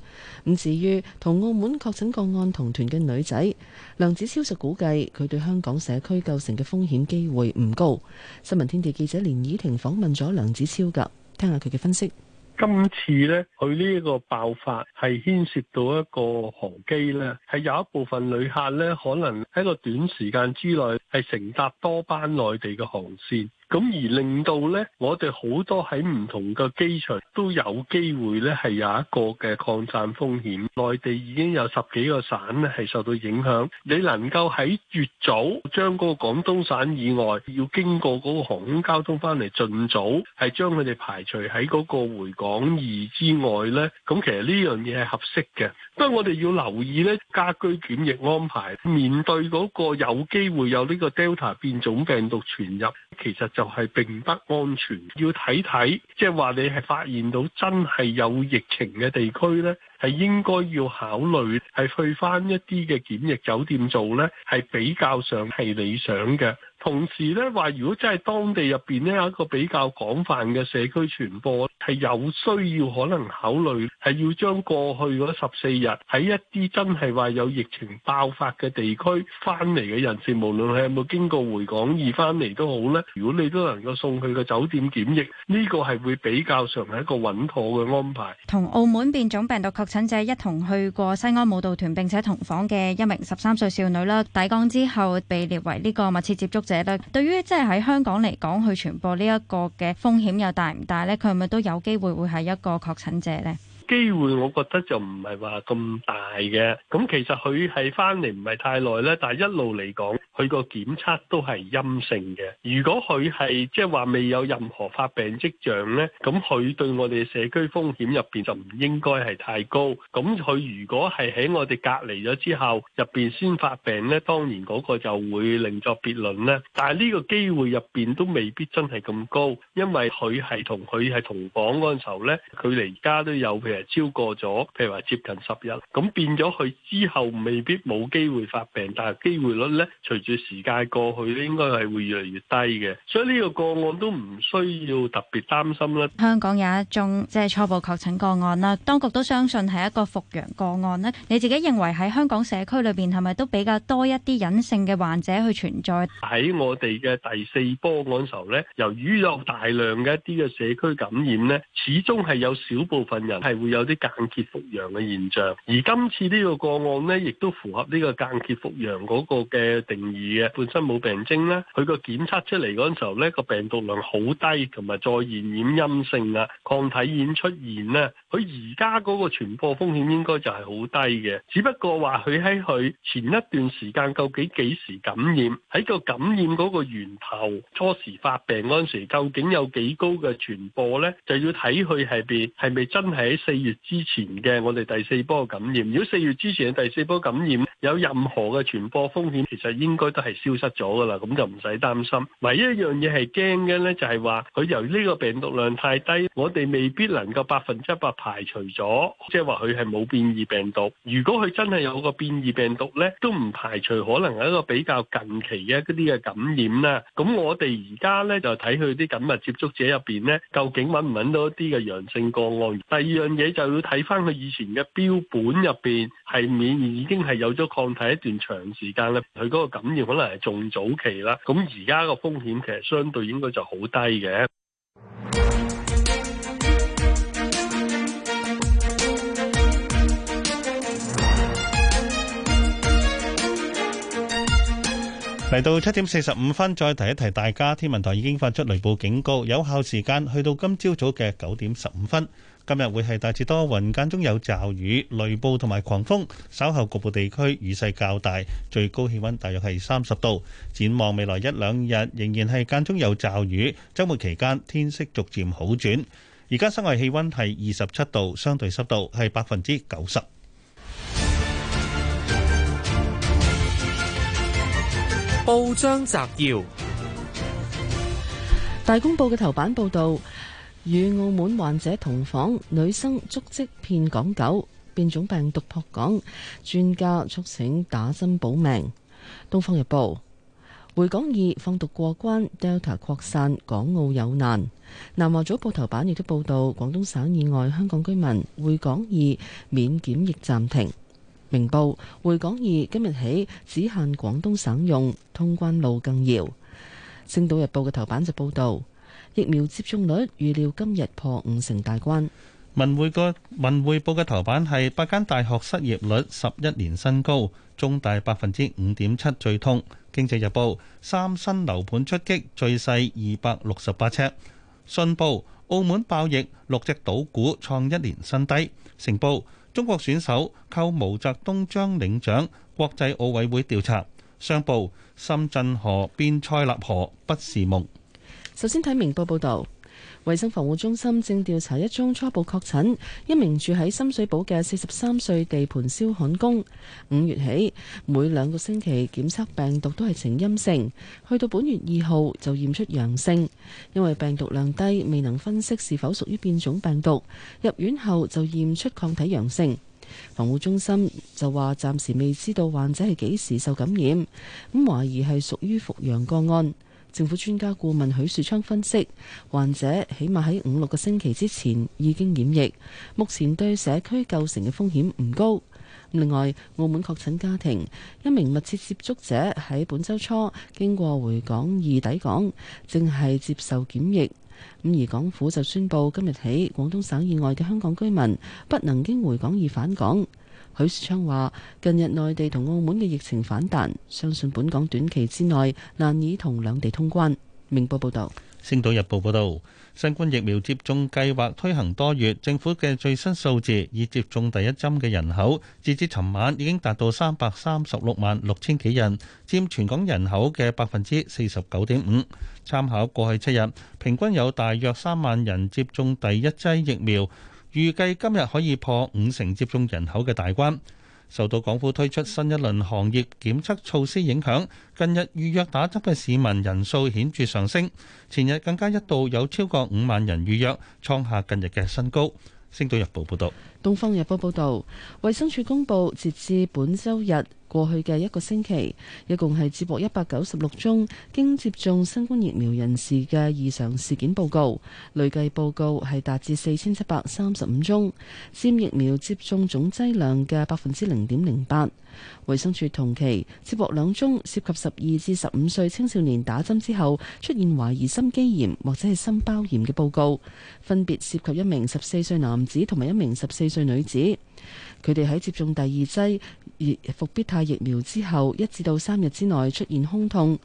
咁至於同澳門確診個案同團嘅女仔，梁子超就估計佢對香港社區構成嘅風險機會唔高。新聞天地記者連倚婷訪問咗梁子超噶，聽下佢嘅分析。今次咧，佢、這、呢個爆發係牽涉到一個航機咧，係有一部分旅客咧，可能喺個短時間之內係乘搭多班內地嘅航線。咁而令到咧，我哋好多喺唔同嘅機場都有機會咧，係有一個嘅擴散風險，內地已經有十幾個省咧係受到影響，你能夠喺越早將嗰個廣東省以外要經過嗰個航空交通翻嚟，盡早係將佢哋排除喺嗰個回港易之外咧，咁其實呢樣嘢係合適嘅。不過我哋要留意咧，家居檢疫安排，面對嗰個有機會有呢個 Delta 變種病毒傳入，其實就是就係並不安全，要睇睇，即係話你係發現到真係有疫情嘅地區呢，係應該要考慮係去返一啲嘅檢疫酒店做呢，係比較上係理想嘅。同時呢，話如果真係當地入邊呢，有一個比較廣泛嘅社區傳播。係有需要，可能考慮係要將過去嗰十四日喺一啲真係話有疫情爆發嘅地區翻嚟嘅人士，無論係有冇經過回港而翻嚟都好呢，如果你都能夠送去個酒店檢疫，呢個係會比較上係一個穩妥嘅安排。同澳門變種病毒確診者一同去過西安舞蹈團並且同房嘅一名十三歲少女啦，抵港之後被列為呢個密切接觸者咧。對於即係喺香港嚟講去傳播呢一個嘅風險又大唔大呢？佢係咪都有？機會會，係一個確診者咧。機會我覺得就唔係話咁大嘅，咁其實佢係返嚟唔係太耐咧，但係一路嚟講，佢個檢測都係陰性嘅。如果佢係即係話未有任何發病跡象咧，咁佢對我哋社區風險入邊就唔應該係太高。咁佢如果係喺我哋隔離咗之後入邊先發病咧，當然嗰個就會另作別論啦。但係呢個機會入邊都未必真係咁高，因為佢係同佢係同房嗰陣時候咧，距離而家都有嘅。超過咗，譬如話接近十日，咁變咗佢之後未必冇機會發病，但係機會率咧，隨住時間過去咧，應該係會越嚟越低嘅。所以呢個個案都唔需要特別擔心啦。香港有一宗即係初步確診個案啦，當局都相信係一個復陽個案呢，你自己認為喺香港社區裏邊係咪都比較多一啲隱性嘅患者去存在？喺我哋嘅第四波案時候咧，由於有大量嘅一啲嘅社區感染咧，始終係有少部分人係會。有啲間歇復陽嘅現象，而今次呢個個案呢，亦都符合呢個間歇復陽嗰個嘅定義嘅，本身冇病徵啦，佢個檢測出嚟嗰陣時候呢，個病毒量好低，同埋再現染陰性啊，抗體已經出現呢，佢而家嗰個傳播風險應該就係好低嘅，只不過話佢喺佢前一段時間究竟幾時感染，喺個感染嗰個源頭初時發病嗰陣時，究竟有幾高嘅傳播呢？就要睇佢係邊，係咪真係喺四月之前嘅我哋第四波感染，如果四月之前嘅第四波感染有任何嘅傳播風險，其實應該都係消失咗噶啦，咁就唔使擔心。唯一一樣嘢係驚嘅咧，就係話佢由於呢個病毒量太低，我哋未必能夠百分之百排除咗，即係話佢係冇變異病毒。如果佢真係有個變異病毒咧，都唔排除可能係一個比較近期嘅一啲嘅感染啦。咁我哋而家咧就睇佢啲緊密接觸者入邊咧，究竟搵唔搵到一啲嘅陽性個案。第二樣。嘢就要睇翻佢以前嘅標本入邊，係免疫已經係有咗抗體一段長時間啦。佢嗰個感染可能係仲早期啦，咁而家個風險其實相對應該就好低嘅。嚟到七點四十五分，再提一提大家，天文台已經發出雷暴警告，有效時間去到今朝早嘅九點十五分。今日會係大致多雲，間中有驟雨、雷暴同埋狂風。稍後局部地區雨勢較大，最高氣温大約係三十度。展望未來一兩日仍然係間中有驟雨，周末期間天色逐漸好轉。而家室外氣温係二十七度，相對濕度係百分之九十。報章摘要，大公報嘅頭版報道。與澳門患者同房女生足跡遍港，狗變種病毒撲港，專家促請打針保命。東方日報回港易放毒過關 Delta 擴散，港澳有難。南華早報頭版亦都報道廣東省以外香港居民回港易免檢疫暫停。明報回港易今日起只限廣東省用，通關路更遙。星島日報嘅頭版就報道。疫苗接種率預料今日破五成大關。文匯個文匯報嘅頭版係八間大學失業率十一年新高，中大百分之五點七最痛。經濟日報三新樓盤出擊，最細二百六十八尺。信報澳門爆疫，六隻賭股創一年新低。成報中國選手扣毛澤東將領獎。國際奧委會調查。商報深圳河邊塞納河不是夢。首先睇明報報道，衛生防護中心正調查一宗初步確診，一名住喺深水埗嘅四十三歲地盤燒焊工，五月起每兩個星期檢測病毒都係呈陰性，去到本月二號就驗出陽性。因為病毒量低，未能分析是否屬於變種病毒。入院後就驗出抗體陽性，防護中心就話暫時未知道患者係幾時受感染，咁懷疑係屬於復陽個案。政府專家顧問許樹昌分析，患者起碼喺五六個星期之前已經染疫，目前對社區構成嘅風險唔高。另外，澳門確診家庭一名密切接觸者喺本週初經過回港易抵港，正係接受檢疫。咁而港府就宣布今日起，廣東省以外嘅香港居民不能經回港易返港。許樹昌話：近日內地同澳門嘅疫情反彈，相信本港短期之內難以同兩地通關。明報報道，《星島日報》報道，新冠疫苗接種計劃推行多月，政府嘅最新數字，已接種第一針嘅人口，截至尋晚已經達到三百三十六萬六千幾人，佔全港人口嘅百分之四十九點五。參考過去七日，平均有大約三萬人接種第一劑疫苗。預計今日可以破五成接種人口嘅大關。受到港府推出新一輪行業檢測措施影響，近日預約打針嘅市民人數顯著上升。前日更加一度有超過五萬人預約，創下近日嘅新高。星島日報報道。《東方日報》報導，衞生署公布，截至本周日過去嘅一個星期，一共係接獲一百九十六宗經接種新冠疫苗人士嘅異常事件報告，累計報告係達至四千七百三十五宗，佔疫苗接種總劑量嘅百分之零點零八。衞生署同期接獲兩宗涉及十二至十五歲青少年打針之後出現懷疑心肌炎或者係心包炎嘅報告，分別涉及一名十四歲男子同埋一名十四。歲女子，佢哋喺接種第二劑復必泰疫苗之後，一至到三日之內出現胸痛，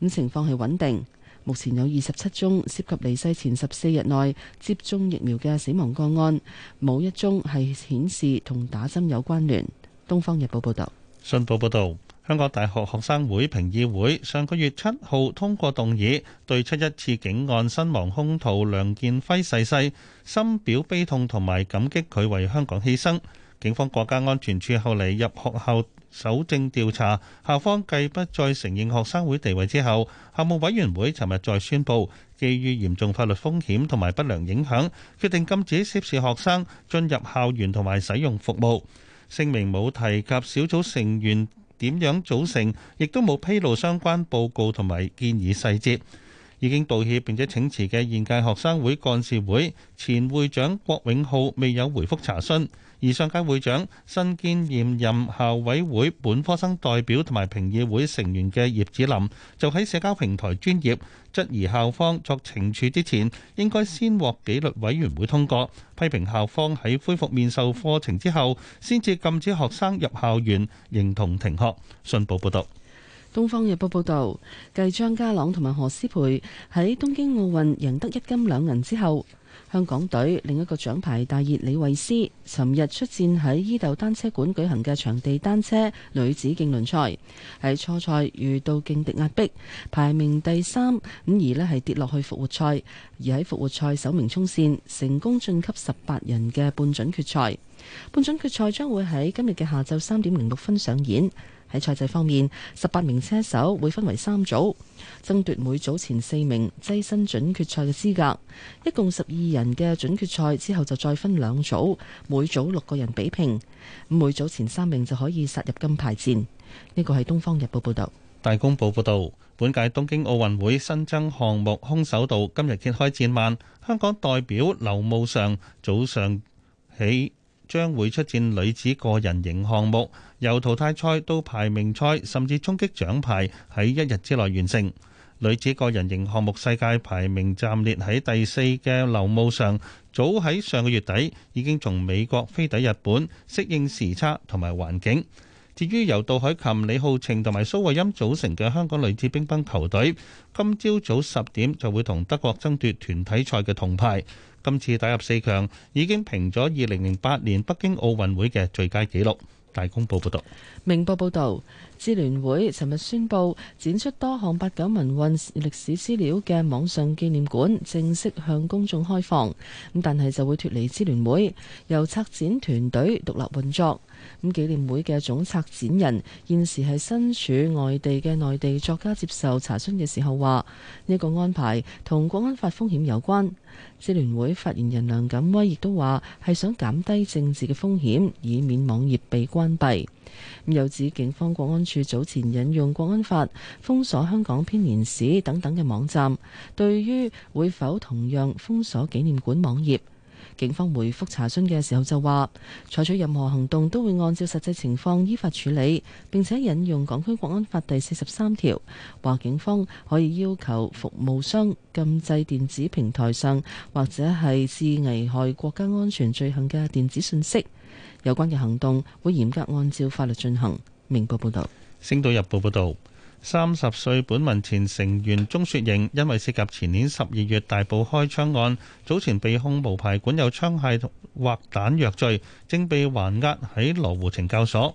咁情況係穩定。目前有二十七宗涉及離世前十四日內接種疫苗嘅死亡個案，冇一宗係顯示同打針有關聯。東方日報報道，信報報道。香港大學學生會評議會上個月七號通過動議，對七一刺警案身亡兇徒梁建輝逝世深表悲痛，同埋感激佢為香港犧牲。警方國家安全處後嚟入學校蒐證調查，校方繼不再承認學生會地位之後，校務委員會尋日再宣佈，基於嚴重法律風險同埋不良影響，決定禁止涉事學生進入校園同埋使用服務。聲明冇提及小組成員點樣組成，亦都冇披露相關報告同埋建議細節。已經道歉並且請辭嘅現屆學生會幹事會前會長郭永浩未有回覆查詢。而上屆會長新兼現任校委會本科生代表同埋評議會成員嘅葉子琳，就喺社交平台專頁質疑校方作懲處之前，應該先獲紀律委員會通過，批評校方喺恢復面授課程之後，先至禁止學生入校園，認同停學。信報報道。《東方日報》報道，繼張家朗同埋何詩蓓喺東京奧運贏得一金兩銀之後，香港隊另一個獎牌大熱李慧詩尋日出戰喺伊豆單車館舉行嘅場地單車女子競輪賽，喺初賽遇到勁敵壓迫，排名第三，咁而呢係跌落去復活賽，而喺復活賽首名衝線，成功晉級十八人嘅半準決賽。半準決賽將會喺今日嘅下晝三點零六分上演。喺賽制方面，十八名車手會分為三組。爭奪每組前四名躋身準決賽嘅資格，一共十二人嘅準決賽之後就再分兩組，每組六個人比拼，每組前三名就可以殺入金牌戰。呢個係《東方日報》報道。大公報報道，本屆東京奧運會新增項目空手道今日揭開戰幕，香港代表劉慕裳早上起將會出戰女子個人型項目，由淘汰賽到排名賽，甚至衝擊獎牌喺一日之內完成。女子個人型項目世界排名暫列喺第四嘅劉慕裳，早喺上個月底已經從美國飛抵日本適應時差同埋環境。至於由杜凱琹、李皓晴同埋蘇慧音組成嘅香港女子乒乓球隊，今朝早十點就會同德國爭奪團體賽嘅銅牌。今次打入四強已經平咗二零零八年北京奧運會嘅最佳紀錄。大公報報道，明報報道，支聯會尋日宣布，展出多項八九民運歷史資料嘅網上紀念館正式向公眾開放。咁但係就會脫離支聯會，由策展團隊獨立運作。咁紀念會嘅總策展人現時係身處外地嘅內地作家，接受查詢嘅時候話：呢、這個安排同《國安法》風險有關。支聯會發言人梁錦威亦都話係想減低政治嘅風險，以免網頁被關閉。又指警方國安處早前引用《國安法》封鎖香港編年史等等嘅網站，對於會否同樣封鎖紀念館網頁？警方回覆查詢嘅時候就話，採取任何行動都會按照實際情況依法處理，並且引用港區國安法第四十三條，話警方可以要求服務商禁制電子平台上或者係致危害國家安全罪行嘅電子信息。有關嘅行動會嚴格按照法律進行。明報報道，星島日報報道。三十歲本民前成員鍾雪瑩，因為涉及前年十二月大埔開槍案，早前被控無牌管有槍械或彈藥罪，正被還押喺羅湖懲教所。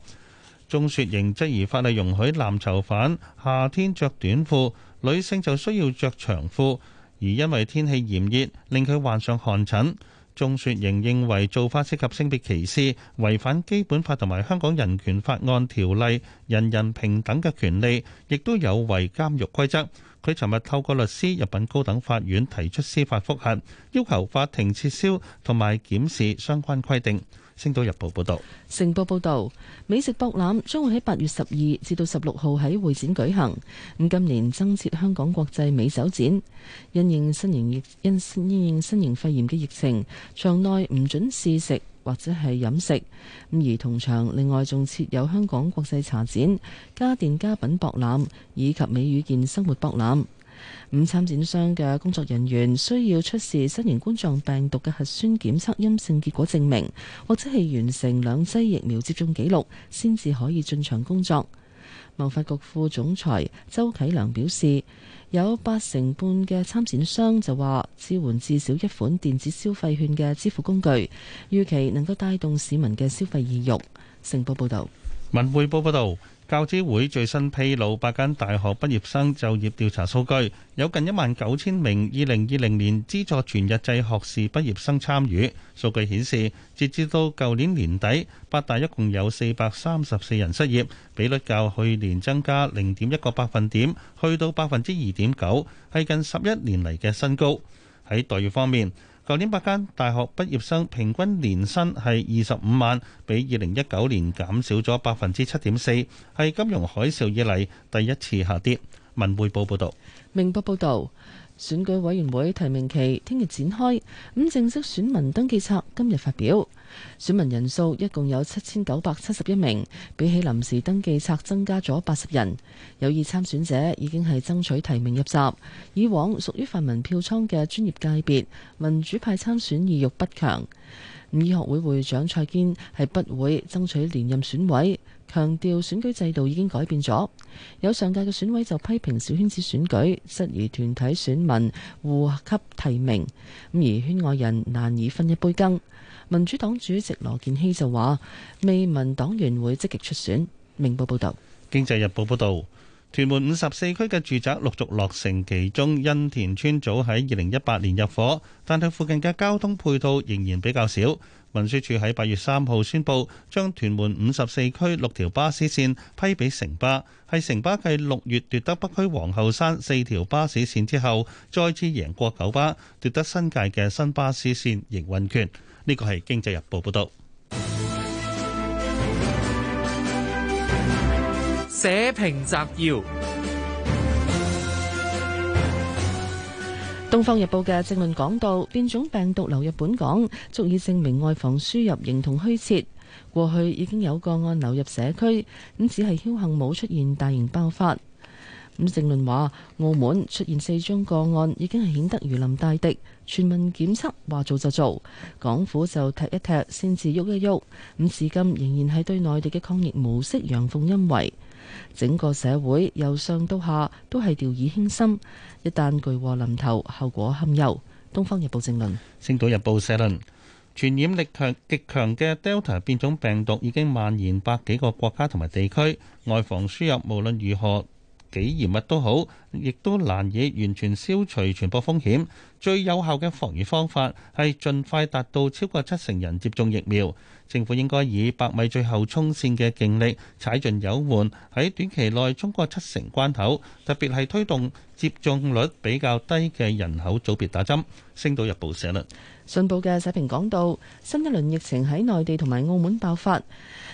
鍾雪瑩質疑法例容許男囚犯夏天着短褲，女性就需要着長褲，而因為天氣炎熱，令佢患上汗疹。鍾雪瑩認為做法涉及性別歧視，違反基本法同埋香港人權法案條例，人人平等嘅權利，亦都有違監獄規則。佢尋日透過律師入禀高等法院提出司法覆核，要求法庭撤銷同埋檢視相關規定。《星島日報》報道，成報報道，美食博覽將會喺八月十二至到十六號喺會展舉行。咁今年增設香港國際美酒展，因應新型疫因應新型肺炎嘅疫情，場內唔准試食或者係飲食。咁而同場，另外仲設有香港國際茶展、家電家品博覽以及美與健生活博覽。五參展商嘅工作人員需要出示新型冠狀病毒嘅核酸檢測陰性結果證明，或者係完成兩劑疫苗接種記錄先至可以進場工作。貿發局副總裁周啟良表示，有八成半嘅參展商就話支援至少一款電子消費券嘅支付工具，預期能夠帶動市民嘅消費意欲。成報報道。文匯報報導。教資會最新披露八間大學畢業生就業調查數據，有近一萬九千名二零二零年資助全日制學士畢業生參與。數據顯示，截至到舊年年底，八大一共有四百三十四人失業，比率較去年增加零點一個百分點，去到百分之二點九，係近十一年嚟嘅新高。喺待遇方面，舊年八間大學畢業生平均年薪係二十五萬，比二零一九年減少咗百分之七點四，係金融海嘯以嚟第一次下跌。文匯報報導，明報報導。選舉委員會提名期聽日展開，咁正式選民登記冊今日發表，選民人數一共有七千九百七十一名，比起臨時登記冊增加咗八十人。有意參選者已經係爭取提名入閘。以往屬於泛民票倉嘅專業界別民主派參選意欲不強。醫學會會長蔡堅係不會爭取連任選委。強調選舉制度已經改變咗，有上屆嘅選委就批評小圈子選舉，質疑團體選民互給提名，咁而圈外人難以分一杯羹。民主黨主席羅健熙就話：未民黨員會積極出選。明報報導，《經濟日報》報道，屯門五十四區嘅住宅陸續落成，其中欣田邨早喺二零一八年入伙，但係附近嘅交通配套仍然比較少。運輸署喺八月三號宣布，將屯門五十四區六條巴士線批俾城巴，係城巴繼六月奪得北區皇后山四條巴士線之後，再次贏過九巴，奪得新界嘅新巴士線營運權。呢個係《經濟日報》報道。社評摘要。《東方日報》嘅政論講到，變種病毒流入本港，足以證明外防輸入形同虛設。過去已經有個案流入社區，咁只係僥幸冇出現大型爆發。咁政論話，澳門出現四宗個案，已經係顯得如臨大敵。全民檢測話做就做，港府就踢一踢先至喐一喐。咁至今仍然係對內地嘅抗疫模式陽奉陰違。整個社會由上到下都係掉以輕心，一旦巨禍臨頭，後果堪憂。東方日報正論，星島日報社論：傳染力強極強嘅 Delta 變種病毒已經蔓延百幾個國家同埋地區，外防輸入無論如何。幾嚴密都好，亦都難以完全消除傳播風險。最有效嘅防禦方法係盡快達到超過七成人接種疫苗。政府應該以百米最後衝線嘅勁力踩盡油門，喺短期內衝過七成關口，特別係推動接種率比較低嘅人口組別打針。星島日報社論。信報嘅社評講到，新一輪疫情喺內地同埋澳門爆發，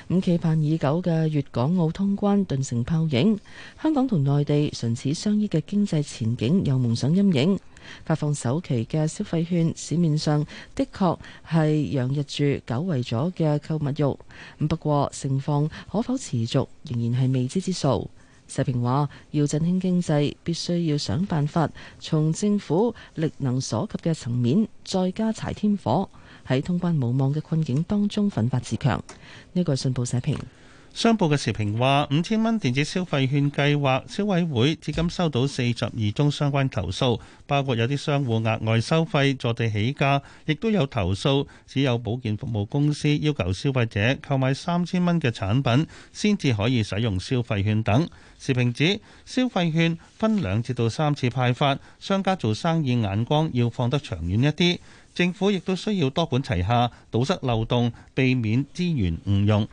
咁期盼已久嘅粵港澳通關頓成泡影，香港同內地唇齒相依嘅經濟前景有蒙上陰影。發放首期嘅消費券，市面上的確係洋溢住久違咗嘅購物慾，不過盛況可否持續，仍然係未知之數。社評話，要振興經濟，必須要想辦法從政府力能所及嘅層面再加柴添火，喺通關無望嘅困境當中奮發自強。呢、這個係信報社評。商報嘅時評話，五千蚊電子消費券計劃消委會至今收到四十二宗相關投訴，包括有啲商戶額外收費、坐地起價，亦都有投訴指有保健服務公司要求消費者購買三千蚊嘅產品先至可以使用消費券等。時評指消費券分兩次到三次派發，商家做生意眼光要放得長遠一啲，政府亦都需要多管齊下，堵塞漏洞，避免資源誤用。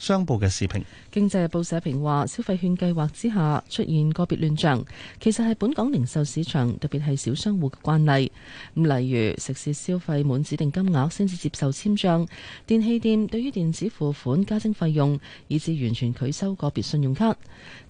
商報嘅視頻，經濟報社評話：消費券計劃之下出現個別亂象，其實係本港零售市場，特別係小商戶嘅慣例。例如食肆消費滿指定金額先至接受簽賬，電器店對於電子付款加徵費用，以至完全拒收個別信用卡。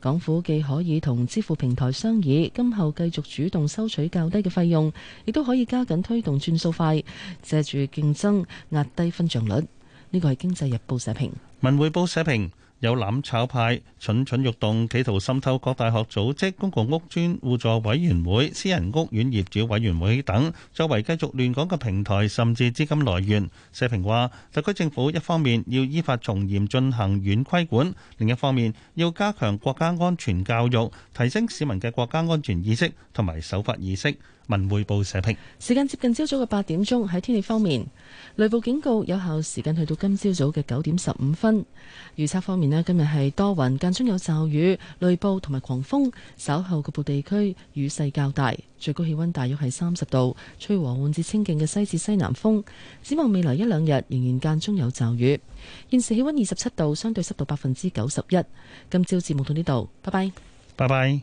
港府既可以同支付平台商議，今後繼續主動收取較低嘅費用，亦都可以加緊推動轉數快，借住競爭壓低分賬率。呢個係《經濟日報》社評，《文匯報》社評有攬炒派蠢蠢欲動，企圖滲透各大學組織、公共屋邨互助委員會、私人屋苑業主委員會等，作為繼續亂港嘅平台，甚至資金來源。社評話：特區政府一方面要依法從嚴進行軟規管，另一方面要加強國家安全教育，提升市民嘅國家安全意識同埋守法意識。文匯報社評，時間接近朝早嘅八點鐘。喺天氣方面，雷暴警告有效時間去到今朝早嘅九點十五分。預測方面咧，今日係多雲，間中有驟雨、雷暴同埋狂風。稍後局部地區雨勢較大，最高氣溫大約係三十度，吹和緩至清勁嘅西至西南風。展望未來一兩日，仍然間中有驟雨。現時氣溫二十七度，相對濕度百分之九十一。今朝節目到呢度，拜拜，拜拜。